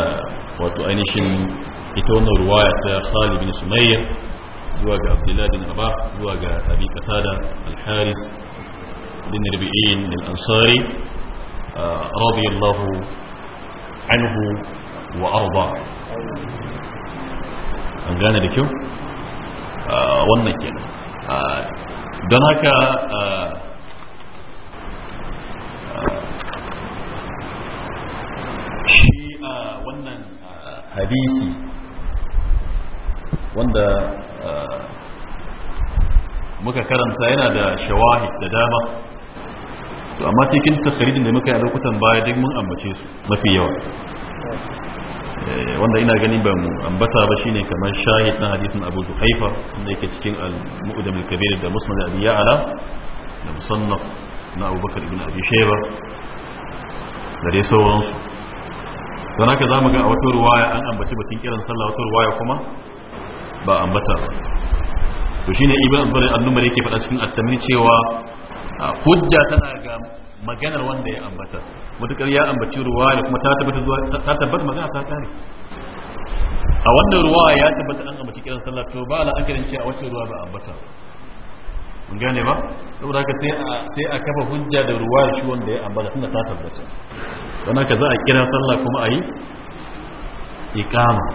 wato ainihin ita wannan ruwaya ta Khalid bin Sumayya zuwa ga Abdullah bin Abba zuwa ga Abi Qatada al-Haris bin Rabi'in al-Ansari ah, radiyallahu anhu wa arda an gane da kyau ah, wannan kenan ah, don haka ah, shi a wannan hadisi wanda muka karanta yana da shawahid da dama amma cikin takharijin da muka yi a lokutan baya duk mun ambace su mafi yawa Eh, wanda ina gani ban ambata ba shine kamar shahid na hadisin abu duhaifa wanda yake cikin al-mu'jam al-kabir da musnad abi ya'la da musannaf na abubakar ibn abi shayba da dai sauransu don haka zamu ga a wata ruwaya an ambaci batun kiran sallah wata ruwaya kuma ba ambata to shine ibn abdul annumar yake faɗa cikin at-tamri cewa hujja tana ga maganar wanda ya ambata matukar ya ambaci ruwa da kuma ta tabbata zuwa ta tabbata magana ta kare a wannan ruwa ya tabbata an ambaci kiran sallah to ba la akarin cewa wacce ruwa ba ambata mun gane ba saboda haka sai a sai a kafa hujja da ruwa shi wanda ya ambata tunda ta tabbata don haka za a kira sallah kuma a yi iqama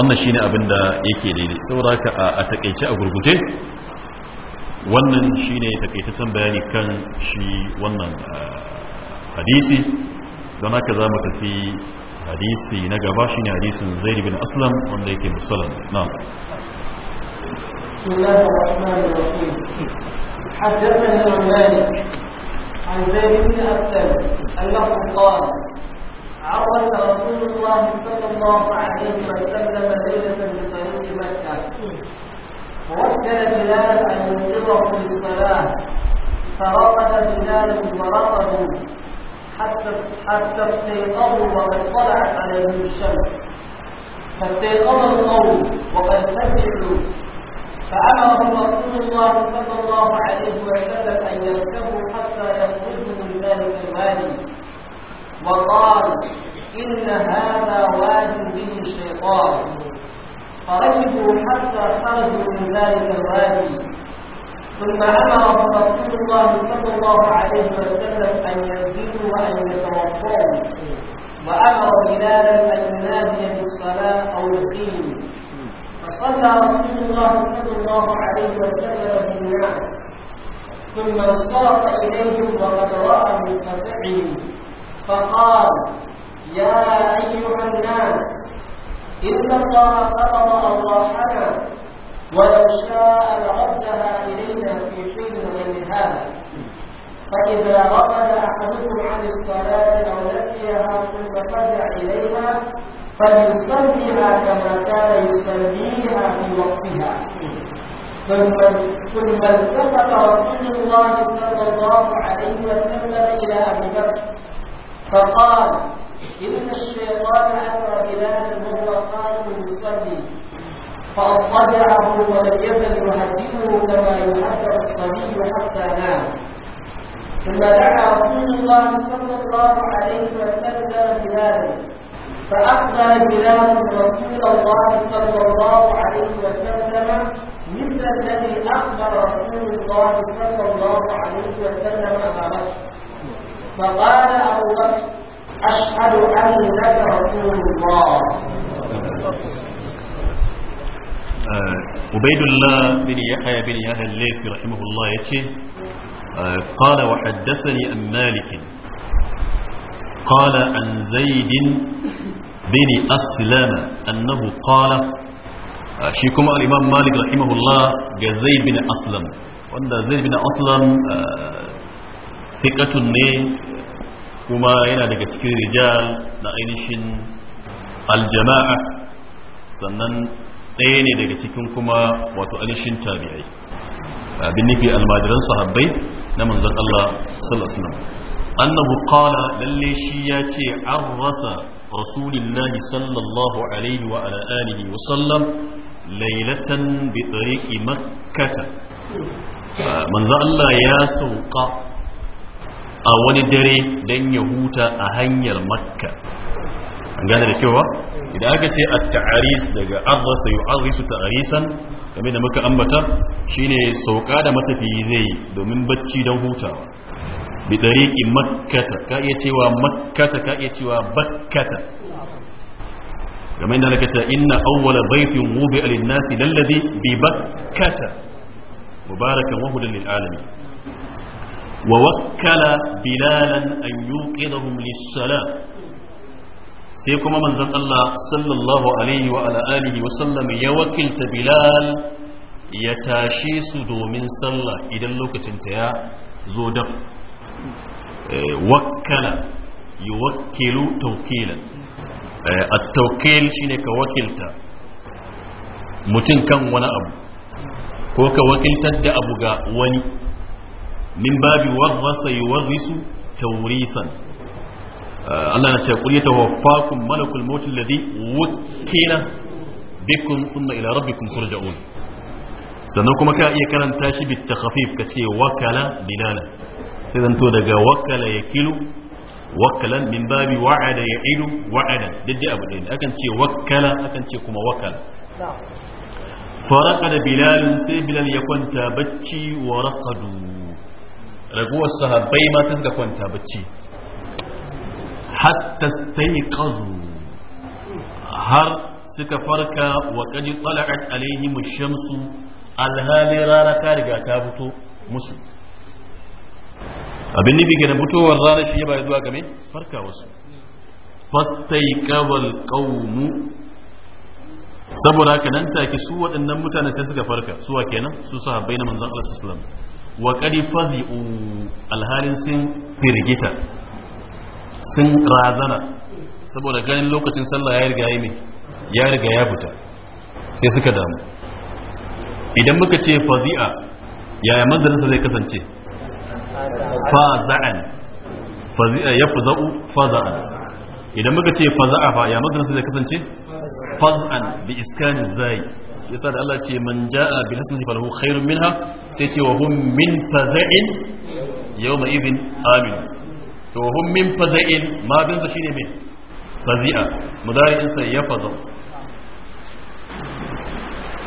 wannan shine abin da yake daidai saboda haka a takeice a gurguje wannan shine takaitaccen bayani kan shi wannan ah, hadisi don haka za mu tafi hadisi na gaba shi ne hadisin zaid bin aslam wanda yake musallam na بسم الله الرحمن الرحيم حدثني عن عن زيد بن اسلم انه قال عرض رسول الله صلى الله عليه وسلم ليله بطريق مكه ووكل بلال ان يوقظه للصلاه فرقد بلال ورقه حتى حتى استيقظوا وقد طلعت عليهم الشمس فاستيقظ القوم وقد سمعوا فأمرهم رسول الله صلى الله عليه وسلم أن يركبوا حتى يخرجوا من ذلك الوادي وقال إن هذا واد به الشيطان فركبوا حتى خرجوا من ذلك الوادي ثم أمرهم رسول الله صلى الله عليه وسلم أن يزيدوا وأن يتوضأوا وأمر بلالا أن ينادي بالصلاة أو يقيم فصلى رسول الله صلى الله عليه وسلم بالناس ثم انصرف إليهم وقد رأى من فقال يا أيها الناس إن الله فطر أرواحنا ولو شاء لردها إلينا في حين من هذا فإذا غفل أحدكم عن الصلاة أو نسيها ثم رجع إليها فليصليها كما كان يصليها في وقتها ثم ثم التفت رسول الله صلى الله عليه وسلم إلى أبي بكر فقال إن الشيطان أسرى بلال وهو قائم يصلي فاضطجعه ولم يزل يهدمه كما يهدم الصبي حتى نام ثم دعا رسول الله صلى الله عليه وسلم بلالا فأخبر بلال رسول الله صلى الله عليه وسلم مثل الذي أخبر رسول الله صلى الله عليه وسلم أبا بكر فقال أبو بكر أشهد لك رسول الله ubaidullah bin yahya bin yahya al-laysi rahimahullah yace qala wa haddathani an malik qala an zaid bin aslam annahu qala shi kuma al-imam malik rahimahullah ga zaid bin aslam wanda zaid bin aslam thiqatun ne kuma yana daga cikin rijal na ainihin aljama'a sannan ɗaya ne daga cikin kuma wato alishin tabi'ai abin nufi almajiran sahabbai na manzan Allah sallallahu alaihi annahu qala lalle shi ya ce an rasa rasulillahi sallallahu alaihi wa ala alihi wa sallam lailatan bi tariqi makkata manzan Allah ya sauka a wani dare dan ya huta a hanyar makka an gane da kyau ba idan aka ce a taaris daga arrasa yu'arisu ta'arisan kamar da muka ambata shine sauka da matafiyi zai domin bacci don hutawa bi dariqi makkata ka iya cewa makkata ka iya cewa bakkata kamar da nake ta inna awwala baytin wubi'a lin-nasi lalladhi bi bakkata mubarakan wa hudan lil-alamin ووكل بلالا أن يوقظهم للصلاة sai kuma manzan Allah sallallahu alaihi wa wa sallam ya wakilta Bilal ya tashe su domin sallah idan lokacin ta ya zo daf eh, wakkala yuwakkilu tawkilan eh, A tawkil shine ka wakilta mutum kan wani abu ko ka wakiltar da abu ga wani min babi warrasa yuwarrisu taurisan Allah na ce kul yatawaffakum malakul maut alladhi wukila bikum thumma ila rabbikum turja'un sannan kuma ka iya karanta shi bit takhfif ka wakala bilala sai to daga wakala yakilu wakalan min babi wa'ada ya'idu wa'ada duk abu ɗaya akan ce wakala akan ce kuma wakala faraka da bilal sai bilal ya kwanta bacci wa raqadu raguwar sahabbai ma sai suka kwanta bacci hatta staiqazu har suka farka wa qad tala'at alaihim ash-shamsu alhali rana ta riga ta musu abin nufi ke da fitowar rana shi ba zuwa game farka wasu fastaiqabal ƙaunu saboda ka nan take su waɗannan mutane sai suka farka suwa kenan su sahabbai na manzon Allah wa qad fazi'u alhalin sun firgita sun razana saboda ganin lokacin sallah ya riga ya ya riga ya fita sai suka damu idan muka ce fazi'a yaya madarinsa zai kasance faza'an fazi'a ya faza'u faza'an idan muka ce faza'a fa ya madarinsa zai kasance faz'an bi iskanin zai yasa da Allah ce man ja'a bil hasanati falahu khairun minha sai ce wa hum min faza'in yawma idhin amin to hum min faza'in ma bin sa shine me fazi'a mudari'in sa ya faza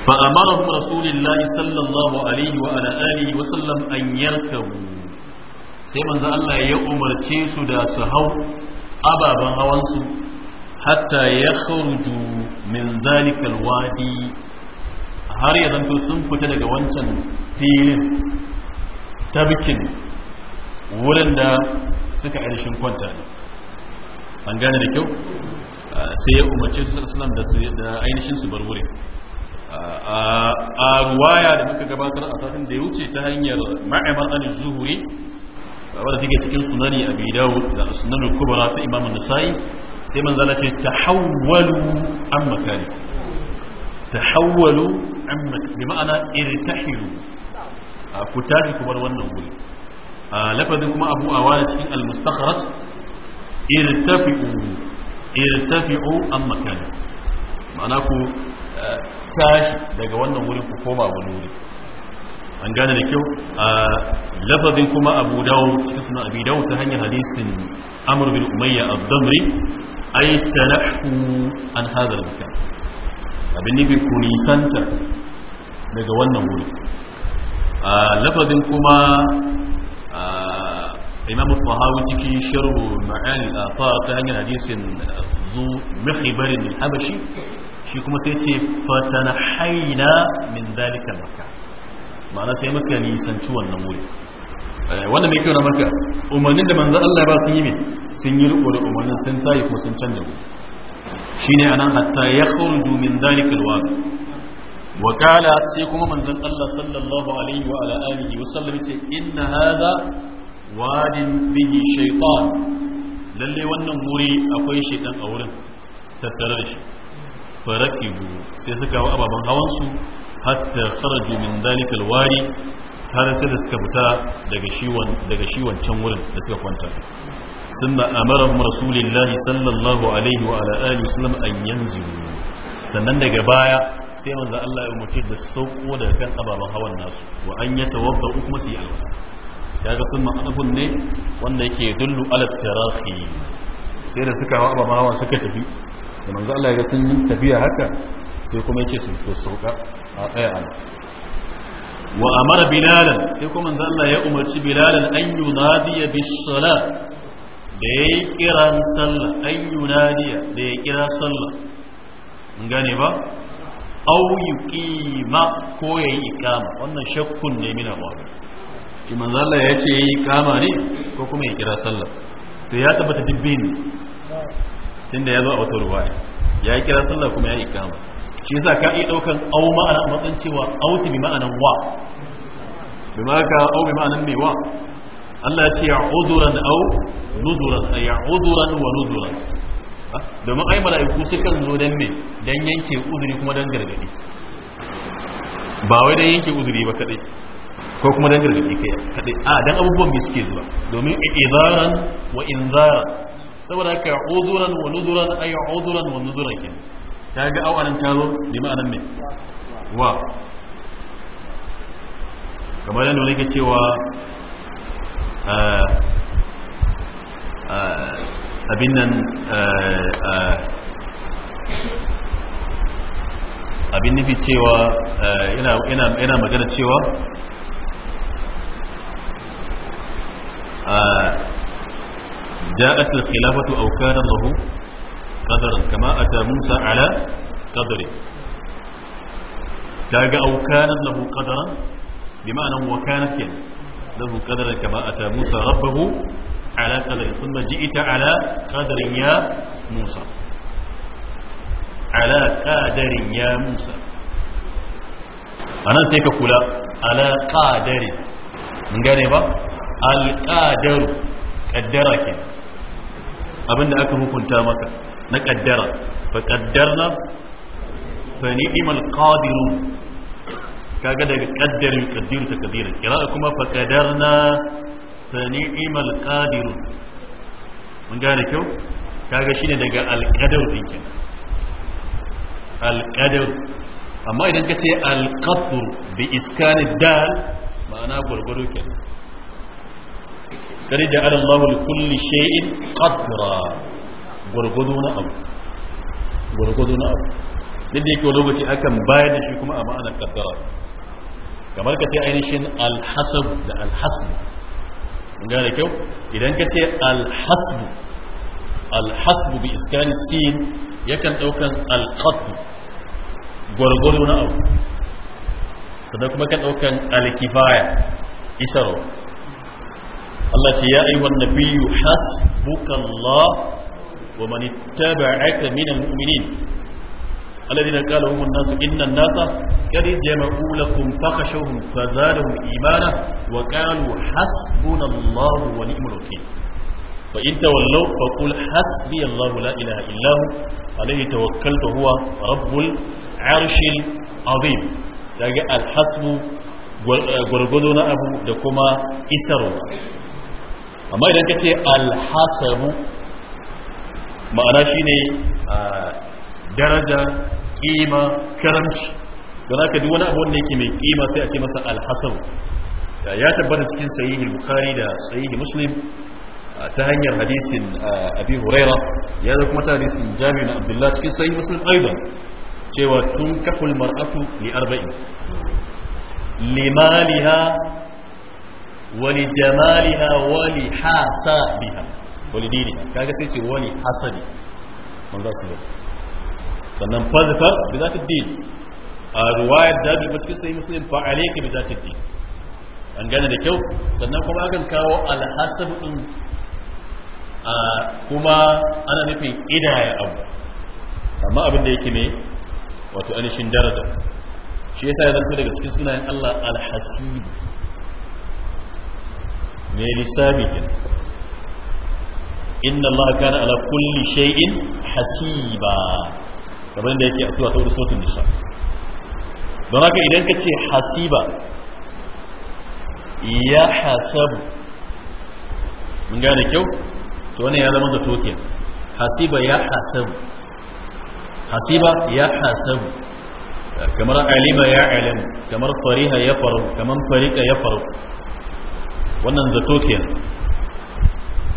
fa amarahum rasulullahi sallallahu alaihi wa ala alihi wa sallam an yarkabu sai manzo Allah ya umarce su da su hau ababan hawansu hatta yakhruju min zalika alwadi har ya zanto sun fita daga wancan filin tabikin wurin da suka ainihin kwanta ne an gane da kyau ah, sai ya umarci su sallam da ainihin su bar wurin ah, a ruwaya da muka gabatar a satin da ya wuce ta hanyar ma'amar an zuhuri wadda take cikin sunani a bidawo da sunanin kubara ta imamun nasai sai manzala ce ta hawalu an makari ta hawalu an makari bi ma'ana irtahilu ah, ku tashi ku bar wannan wuri lafazin kuma abu a wani cikin al-mustakhraj irtafi'u irtafi'u an makana ma'ana ku tashi daga wannan wurin ku koma wani wuri an gane da kyau a lafazin kuma abu dawo cikin suna abu dawo ta hanyar hadisin amur bin umayya abdamri ai tanahu an hadar maka abin nufin ku nisanta daga wannan wuri a lafazin kuma imam al-fahawi cikin sharhu ma'ani a athar ta hanyar hadisin zu mikhbar al-habashi shi kuma sai ce haina min dalika makka ma'ana sai muka nisanci wannan wuri eh, wannan mai kyau na maka umarnin da manzan Allah ba sun yi mai sun yi riko da umarnin sun tayi ko sun canja ku shi ne a nan hatta ya kharuju min dalikal waqi wa qala sai kuma manzan Allah sallallahu alaihi wa ala alihi wa sallam ce inna haza. wadin bihi shaitan lalle wannan wuri akwai shaitan a wurin tattare da shi farakibu sai suka hau ababen hawansu hatta kharaju min dalikal wari har sai da suka fita daga shiwon daga can wurin da suka kwanta sunna amara rasulullahi sallallahu alaihi wa ala alihi wasallam an sannan daga baya sai manzo Allah ya umarci da sauko daga kan ababen hawan nasu wa an yatawadda kuma su yi alwala kaga sun ma'adufun ne wanda yake dullu ala sai da suka hawa ba hawa suka tafi da manzo Allah ya sun tafiya haka sai kuma yace su to sauka a tsaya an wa Amar bilalan sai kuma manzo Allah ya umarci bilalan an Nadiya bis sala da yayi kiran sallah an Nadiya da ya kira sallah mun gane ba au ƙima ko ya yayi ikama wannan shakkun ne mina ba ki manzo Allah ya ce yi kama ne ko kuma ya kira sallah to ya tabbata dubbe ne tunda ya zo a wata ruwaya ya kira sallah kuma ya yi kama. shi yasa ka iya daukan au ma'ana a matsayin cewa auti bi ma'anan wa bi ma'aka ka au bi ma'anan mai wa Allah ya ce ya uduran au nuduran ya uduran wa nuduran domin ai mala'iku sukan zo dan me dan yanke uzuri kuma dan gargadi ba wai dan yanke uzuri ba kadai ko kuma dan gargaɗi kai kaɗai a dan abubuwan mai suke zuwa domin idaran wa inzaran saboda haka uzuran wa nuzuran ay uzuran wa nuzuran kin ta ga au anan ta zo bi ma'anan me wa kamar yadda wani ke cewa eh, eh, abin nan eh, abin nufi cewa yana magana cewa آه، جاءت الخلافة أو كان الله قدرا كما أتى موسى على قدره كاجا أو كان له قدرا بمعنى كان فيه له قدرا كما أتى موسى ربه على قدره ثم جئت على قدر يا موسى على قدر يا موسى أنا سيكا على قدر من جانبه alƙadaru ƙaddara ke abinda aka hukunta maka na ƙaddara fa ƙaddarna fa ni'imal qadiru kaga daga ƙaddar yuqaddiru takdira kira kuma fa ƙaddarna fa ni'imal qadiru mun gane kyau kaga shine daga alƙadar din ke alƙadar amma idan kace alqadru bi iskanid dal ma'ana gurguru kenan kare ja'ala Allahu li kulli shay'in qadra gurgudu na abu gurgudu na abu duk da yake lokaci akan bayar da shi kuma a ma'anar kaddara kamar ka ce ainihin alhasab da alhasb in gane kyau idan ka ce alhasb alhasb bi iskan sin yakan daukan alqad gurgudu na abu sannan kuma kan daukan alkifaya isarwa Allah ce ya ayyuhan nabiyyu hasbukallah wa man ittaba'aka minal mu'minin alladhina qala hum an-nas inna an-nasa qad jama'u lakum fakhashawhum fazadahum imana wa qalu hasbunallahu wa ni'mal wakeel fa in tawallaw faqul hasbiyallahu la ilaha illa hu alayhi tawakkaltu huwa rabbul arshil azim daga al-hasbu gwargwado na abu da kuma isarwa amma idan ka ce alhasabu ma'ana shine daraja kima karamci don haka duk wani abu ne yake mai kima sai a ce masa alhasabu ya tabbata cikin sahihi da sahihi muslim ta hanyar hadisin abi huraira ya da kuma ta hadisin jami'in abdullah cikin sahihi muslim aidan cewa tun kaful mar'atu li arba'in limaliha wali jamaliha wali hasabiha wali dini kaga sai ce wali hasabi su zai sannan fazifar bi ta dini a ruwayar jabir ba cikin sai musulun fa alayka bi ta dini an gane da kyau sannan kuma akan kawo alhasab din kuma ana nufin idaya abu amma abin da yake ne wato anishin darada shi yasa ya zanto daga cikin sunayen Allah alhasib ne lissafi kin inna Allah kana ala kulli shay'in hasiba kamar da yake a suwa ta wurin nisa don haka idan ka ce hasiba ya hasabu mun gane kyau to wannan ya zama zato ke hasiba ya hasabu hasiba ya hasabu kamar alima ya alim kamar fariha ya faru kamar farika ya faru wannan zato kenan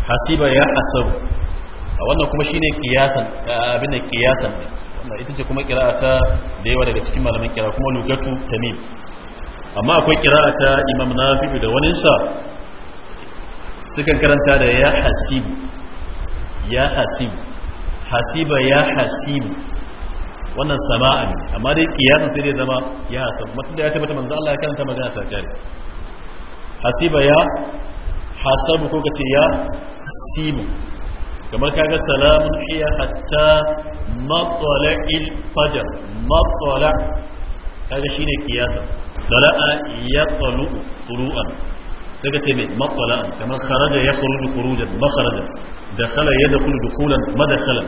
hasiba ya asabu a wannan kuma shine kiyasan abin da kiyasan ne wannan ita ce kuma Kira'ata ta da yawa daga cikin malaman kira kuma lugatu tamim amma akwai Kira'ata, ta imam nafi da wani sa sukan karanta da ya hasibu ya hasibu hasiba ya hasibu wannan sama'a ne amma dai kiyasan sai dai zama ya hasabu mutum da ya tabbata manzo Allah ya karanta magana ta kare hasiba ya hasabu ko kace ya sibu kamar kaga salamun hiya hatta matla'il fajr matla kaga shine kiyasa a yatlu qur'an daga ce mai matsala'an kamar kharaja ya khuruju khurujan makharaja dakhala yadkhulu dukhulan madkhalan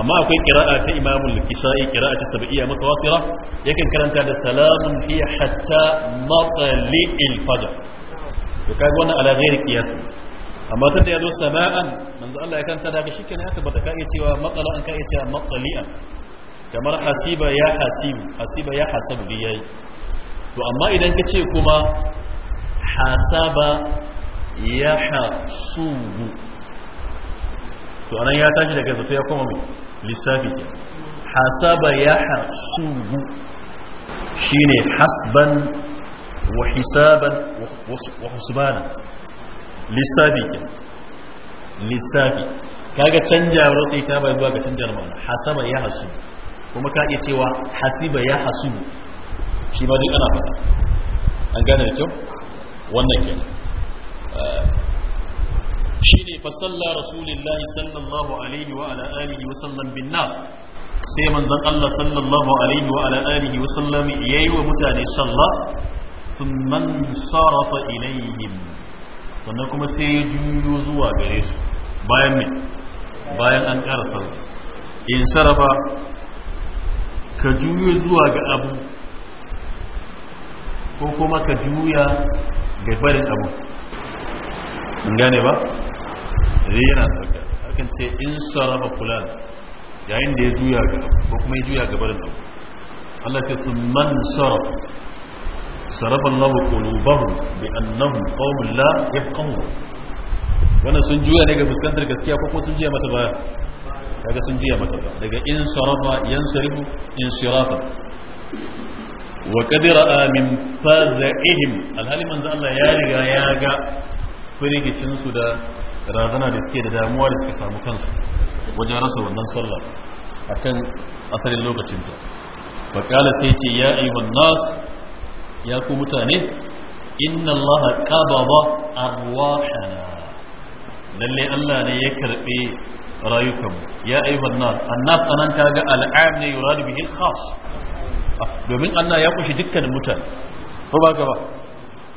amma akwai kira'a ta imamul kisa'i kira'a ta sab'iyya mutawatira yakan karanta da salamun hiya hatta matli'il fajr to kaga wannan ala ghairi qiyas amma tunda yazo sama'an manzo Allah ya karanta daga shikenan ya tabbata ka iya cewa matsala an ka iya cewa matsali'an kamar hasiba ya hasibu hasiba ya hasabu bi yayi to amma idan ka ce kuma hasaba ya hasubu to anan ya tashi daga sai ya koma mai lissafi hasaba ya hasubu shine hasban wa hisaban wa husbana lissafi lissafi kaga canjawar sai ta bai zuwa ga canjar ma'ana hasaba ya hasubu kuma ka iya cewa hasiba ya hasubu shi ma duk ana faɗa an gane da kyau wannan kenan eh, fasalla rasulillahi sallallahu alaihi wa ala alihi wa sallam bin sai manzon Allah sallallahu alaihi wa ala alihi wa sallam yayi wa mutane sallah thumma sarafa ilaihim sannan kuma sai ya juyo zuwa gare su bayan me bayan an ƙara sallah in sarafa ka juyo zuwa ga abu ko kuma ka juya ga barin abu In gane ba zai yana sarka hakan ce in sarrafa fulan yayin da ya juya gaba ko kuma ya juya gaba da nan Allah ta sun man sarrafa sarrafa Allah qulubahu bi annahu qawmun la yafqahu wannan sun juya ne ga fuskantar gaskiya ko sun juya mata baya kaga sun juya mata ba. daga in sarrafa yansarifu in sirafa wa qadira min fazaihim alhali manzo Allah ya riga ya ga firgicinsu da razana da suke da damuwa da suke samu kansu wajen rasa wannan sallah akan asalin lokacinta faƙala sai ce ya ayyuhan nas ya ku mutane inna allaha qabada arwahana lalle Allah ne ya karbe rayukanmu ya ayyuhan nas annas anan kaga al'am ne yurad bihi khas ah, domin Allah ya kushi dukkan mutane ko ba ka ba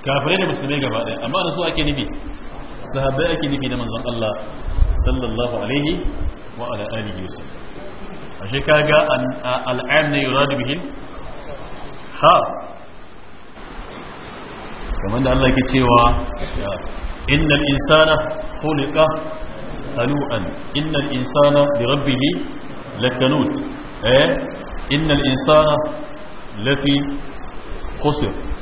kafirai da musulmai gaba ɗaya amma da su ake nufi sahabbai ake nufi na manzon Allah sallallahu alaihi wa ala alihi wasallam ashe kaga al'am ne yuradu bihi khas kamar da Allah ke cewa innal insana khuliqa halu'an innal insana bi rabbih lakanut eh innal insana lafi khusr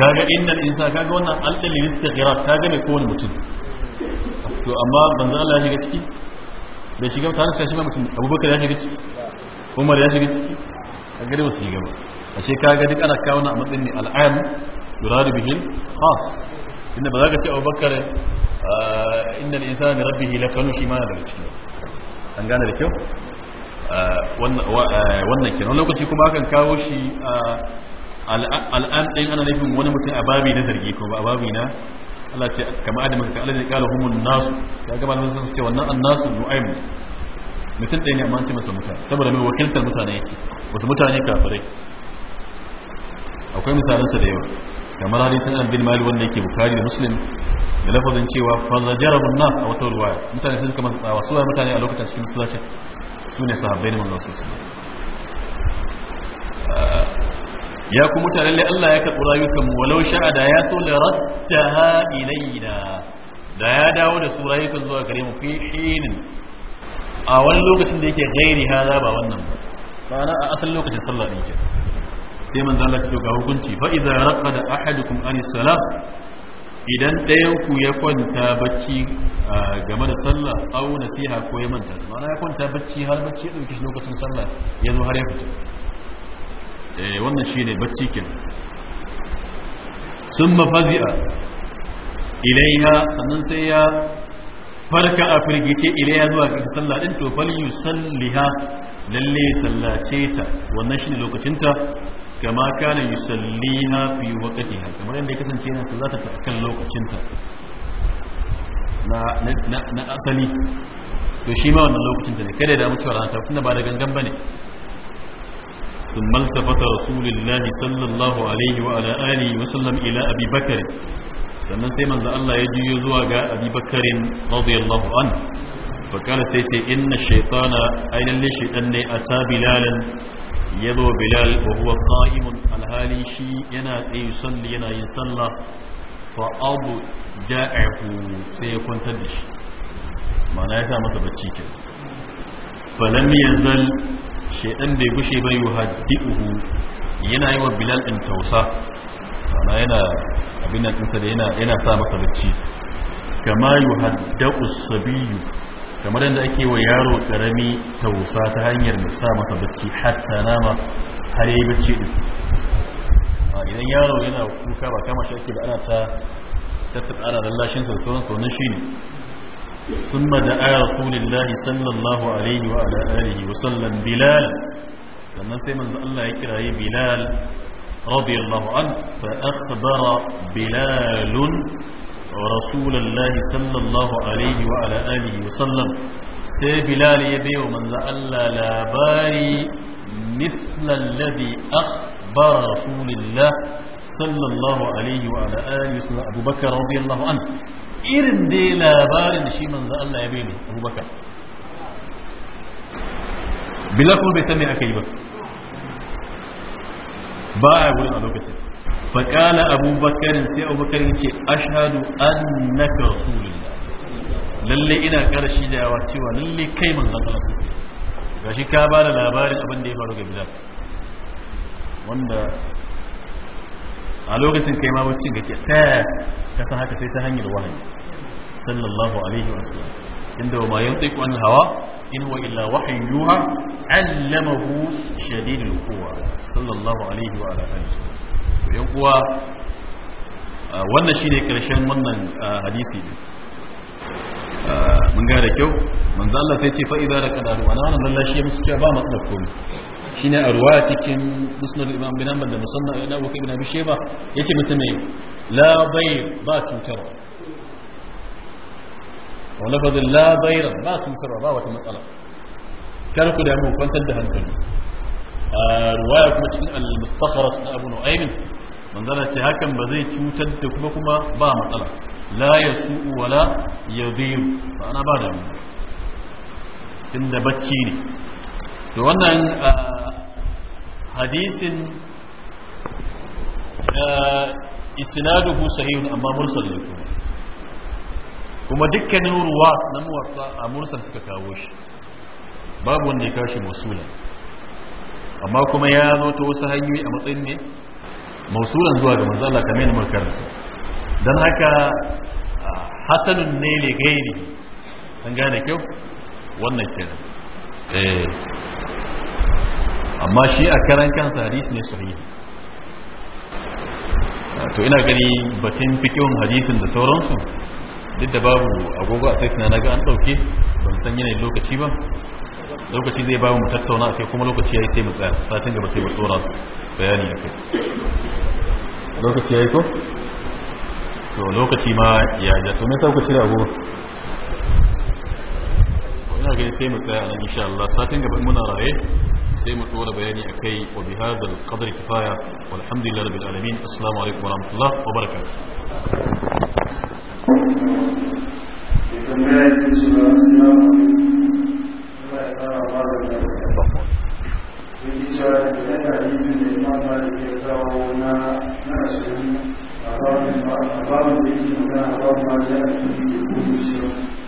kaga inna insa kaga wannan aldal istighfar kaga ne kowane mutum to amma banza Allah ya shiga ciki bai shiga tare sai shi ma mutum Abubakar ya shiga ciki Umar ya shiga ciki a gare wasu shiga ba a ce kaga duk ana kawo na matsayin ne al'am yuradu bihin khas inda ba za ka ce Abubakar inna insana li rabbihi lakanu shi ma daga ciki an gane da kyau wannan kenan lokaci kuma akan kawo shi al'an ɗin ana laifin wani mutum a babi na zargi ko ba a babi na Allah ce kamar adam ka Allah ne kala humun nasu ya ga malamin sun ce wannan annasu nasu mutum ɗaya ne amma an ce masa mutane saboda mai wakiltar mutane yake wasu mutane kafirai akwai misalan sa da yawa kamar hadisi an bin mali wanda yake bukari da muslim da lafazin cewa fa fazajarabun nas a wata ruwa mutane sun suka tsawa suwa mutane a lokacin cikin masallacin su ne sahabbai ne manzon wasallam ya kuma mutanen lalle Allah ya karɓi rayukan mu walau sha'a da ya so la raddaha ilaina da ya dawo da su rayukan zuwa gare mu fi hinin a wani lokacin da yake gairi haza ba wannan ba ma'ana a asalin lokacin sallah ne sai manzo Allah ya ga hukunci fa iza raqada ahadukum anis salah idan ɗayan ku ya kwanta bacci game da sallah au nasiha ko ya manta ma'ana ya kwanta bacci har bacci ya ɗauki lokacin sallah ya zo har ya fita Eh, wannan shi ne bacci kin sun mafazi'a ilaiha sannan sai ya farka a firgice ilaiha zuwa ga sallah din to fal yusalliha lalle sallace ta wannan shi ne lokacinta kama kana yusalliha fi waqtiha kamar yadda ya kasance yana sallata ta akan lokacinta na asali to shi ma wannan lokacinta ne kada da mutuwa rana ta kuma ba da gangan bane ثم التفت رسول الله صلى الله عليه وعلى آله وسلم إلى أبي بكر sannan sai manzo Allah ya juyo zuwa ga Abi Bakarin radiyallahu an fakala sai ce inna shaytana ailalle shaytan ne ata bilalan yazo bilal wa huwa qa'imun alhali shi yana tsaye salli yana yin sallah fa abu ja'ahu sai ya kwantar da shi ma'ana ya sa masa bacci kenan falam yanzal shedan bai gushe ba yuhaddihu yana yi wa bilal ɗin tausa ana yana abin nan tinsa da yana yana sa masa bacci kama yuhaddaqu sabiyyu kamar yadda ake wa yaro karami tausa ta hanyar sa masa bacci hatta nama har yi bacci din idan yaro yana kuka ba kama shi ake da ana ta tattara lallashinsa da sauran tonin shi ne ثم دعا رسول الله صلى الله عليه وعلى آله وسلم بلال سنة سيمن الله يكره بلال رضي الله عنه فأخبر بلال رسول الله صلى الله عليه وعلى آله وسلم سي بلال ومن من الله باري مثل الذي أخبر رسول الله صلى الله عليه وعلى آله وسلم أبو بكر رضي الله عنه irin dai labarin da shi manzo Allah ya bai abubakar bilal kuma bai san me aka yi ba ba a gurin a lokacin faƙala abubakar sai abubakar ya ce ashadu an na rasulullah lalle ina shi da yawa cewa lalle kai manzan Allah su sai ga shi ka ba da labarin abin da ya faru ga bilal wanda a lokacin kai ma baccin kake ta ka san haka sai ta hanyar wahayi sallallahu alaihi wasallam inda ma yantiqu an hawa in wa illa wahyu yuha allamahu shadidul quwa sallallahu alaihi wa alihi to yan uwa wannan shine karshen wannan hadisi mun ga da kyau manzo Allah sai ce fa idza raqada ruwana wannan lalla shi musu cewa ba matsalar komai shine a ruwa cikin musnad imam bin hanbal da musanna ina wa ibn abi shayba yace musu me la bayr ba cutar wa lafazin la bayr ba cutar ba wata matsala kar ku da mu kwantar da hankali a ruwaya kuma cikin al-mustakhrat na abu nu'aym manzana ce hakan ba zai cutar da kuma kuma ba matsala la ya su'u wala ya biyu ma'ana ba damu tunda bacci ne to wannan ah, hadisin ah, isnaduhu sahihun amma mursal ne kuma kuma dukkanin ruwa na muwatta a mursal suka kawo shi babu wanda ya kashi mausula amma kuma ya zo ta wasu hanyoyi a matsayin ne mausulan zuwa ga manzo Allah kamar yana makaranta Don haka ah, hasanun ne le gairi an gane kyau wannan kenan eh. amma shi a karan kansa hadisi ne sahihi ah, to ina gani batun fikin hadisin da sauransu duk da babu agogo a saifina na ga an ɗauke ban san yanayi lokaci ba lokaci zai babu mutattauna a kai kuma lokaci ya yi sai mu satin gaba sai mu tsora bayani a kai lokaci ya yi ko? to lokaci ma ya ja to nisa ku cire agogo ina gani sai mu tsaya nan insha Allah satin gaba muna raye sai mu tura bayani akai wa bi hadzal qadri kifaya walhamdulillahi rabbil alamin assalamu alaikum wa rahmatullahi wa barakatuh Thank you.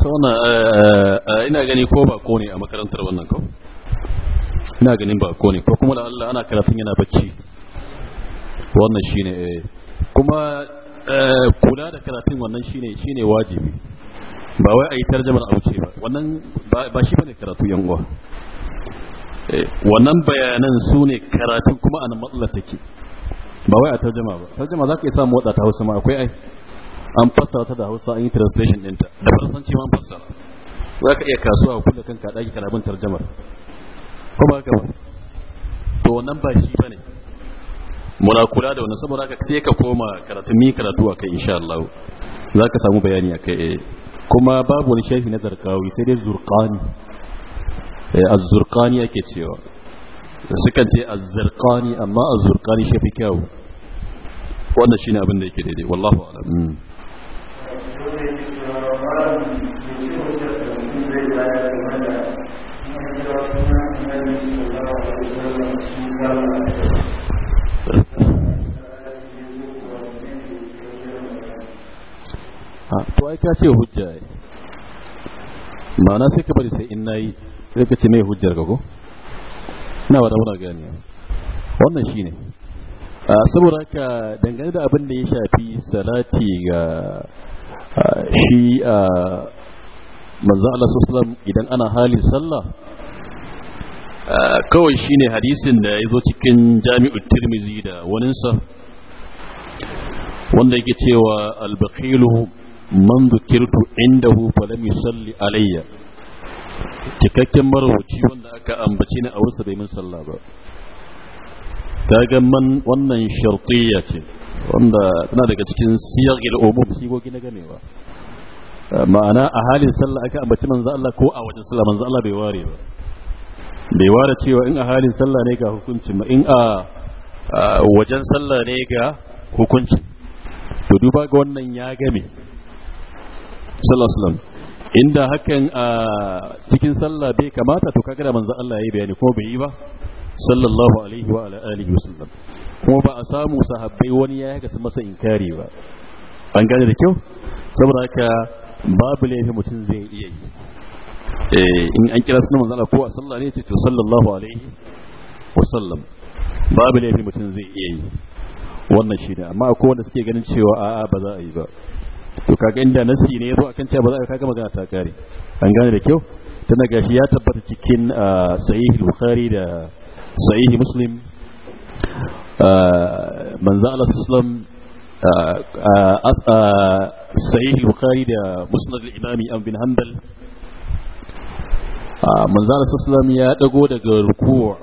ta wannan eh, eh, ina gani ko ba ko ne a makarantar wannan ko ina ganin ba ko ne ko kuma da Allah ana karafin yana bacci wannan shine eh. kuma kula da karatun wannan shine shine wajibi ba wai a yi tarjamar a wuce ba wannan ba shi bane karatu yan wannan bayanan su ne karatun kuma a nan matsalar take ba wai a tarjama ba tarjama za ka yi samu wadata hausa ma akwai ai an fassara ta da hausa an yi translation ɗinta da faransanci ma an fassara za ka iya kasuwa kulle kanka ɗaki kana bin tarjamar ko ba ka ba to wannan ba shi ba ne muna kula da wani saboda ka sai ka koma karatu mi karatu a kai insha Allah za ka samu bayani a kai eh. kuma babu wani shafi na zarkawi sai dai zurkani eh, az-zurqani yake cewa sukan ce az-zurqani amma az-zurqani shafi kyau wannan shine abin da yake daidai wallahu a'lam hmm. to ai ka ce hujja ai ma'ana sai ka bari sai in nayi sai ka ce mai hujjar ka ko ina wada muna gani wannan shine saboda haka dangane da abin da ya shafi salati ga shi a ah, manzo Allah sallallahu idan ana halin sallah ah, kawai shine hadisin da yazo cikin Jami'ut Tirmizi da waninsa wanda yake cewa al-bakhilu man dhukirtu indahu falam yusalli alayya cikakken marubuci wanda aka ambace ni a wasa bai min sallah ba ta ga man wannan shartiyya ce wanda tana daga cikin siyar ilomum sigogi na ganewa ma'ana a halin sallah aka ambaci manzo Allah ko a wajen sallah manzo Allah bai ware ba bai ware cewa in a halin sallah ne ga hukuncin ma in a wajen sallah ne ga hukuncin to duba ga wannan ya game sallallahu alaihi wasallam inda hakan a cikin sallah bai kamata to kaga da manzo Allah yayi bayani ko bai yi ba sallallahu alaihi wa alihi wasallam kuma ba a samu sahabbai wani ya haka masa inkari ba an gane da kyau saboda haka babu laifi mutum zai iya yi eh, in an kira sunan manzala ko a sallah ne ce to sallallahu alaihi wa sallam babu laifi mutum zai iya yi wannan shi ne amma akwai wanda suke ganin cewa a'a ba za a yi ba to kaga inda nasi ne yazo akan cewa ba za a kaga magana ta kare an gane da kyau tana gashi ya tabbata cikin ah, sahih bukhari da sahih muslim manzo Allah sallam sahih al-bukhari da musnad al-imami an bin hanbal manzo Allah sallam ya dago daga ruku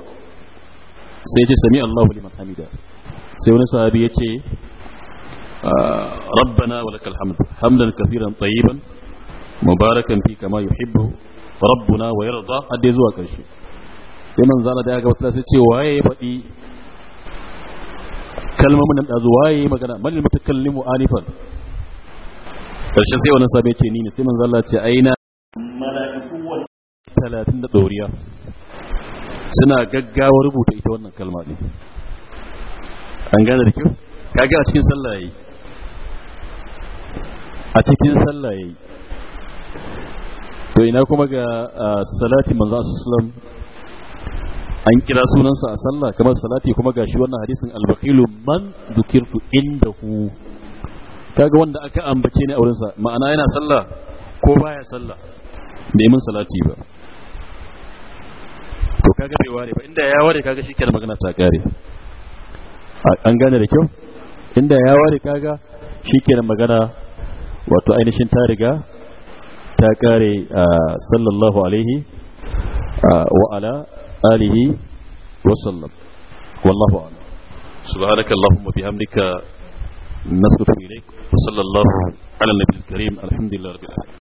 sai ce sami Allahu liman hamida sai wani sahabi ya ce ربنا ولك الحمد حمدا كثيرا طيبا مباركا فيه كما يحب ربنا ويرضى حد يزوى كرشي sai man zala da ya gaba sai ce waye kalmomin nan dazu waye magana malil mutakallimu anifan karshe sai wannan sabai ce ni ne sai manzo Allah ce aina mala'iku 30 da doriya suna gaggawa rubuta ita wannan kalma din an gane da kyau kage a cikin sallah yayi a cikin sallah yayi to ina kuma ga ah, salati manzo sallallahu alaihi wasallam an kira sunansa a sallah kamar salati kuma gashi wannan hadisin al-bakhilu man dhukirtu indahu kaga wanda aka ambace ne a wurinsa ma'ana yana sallah ko baya sallah bai mun salati ba to kaga bai ware ba inda ya ware kaga shikenan magana ta kare an gane da kyau inda ya ware kaga shikenan magana wato ainihin ta riga ta kare sallallahu alaihi wa ala آله وسلم والله أعلم سبحانك اللهم وبحمدك نسلك إليك وصلى الله على النبي الكريم الحمد لله رب العالمين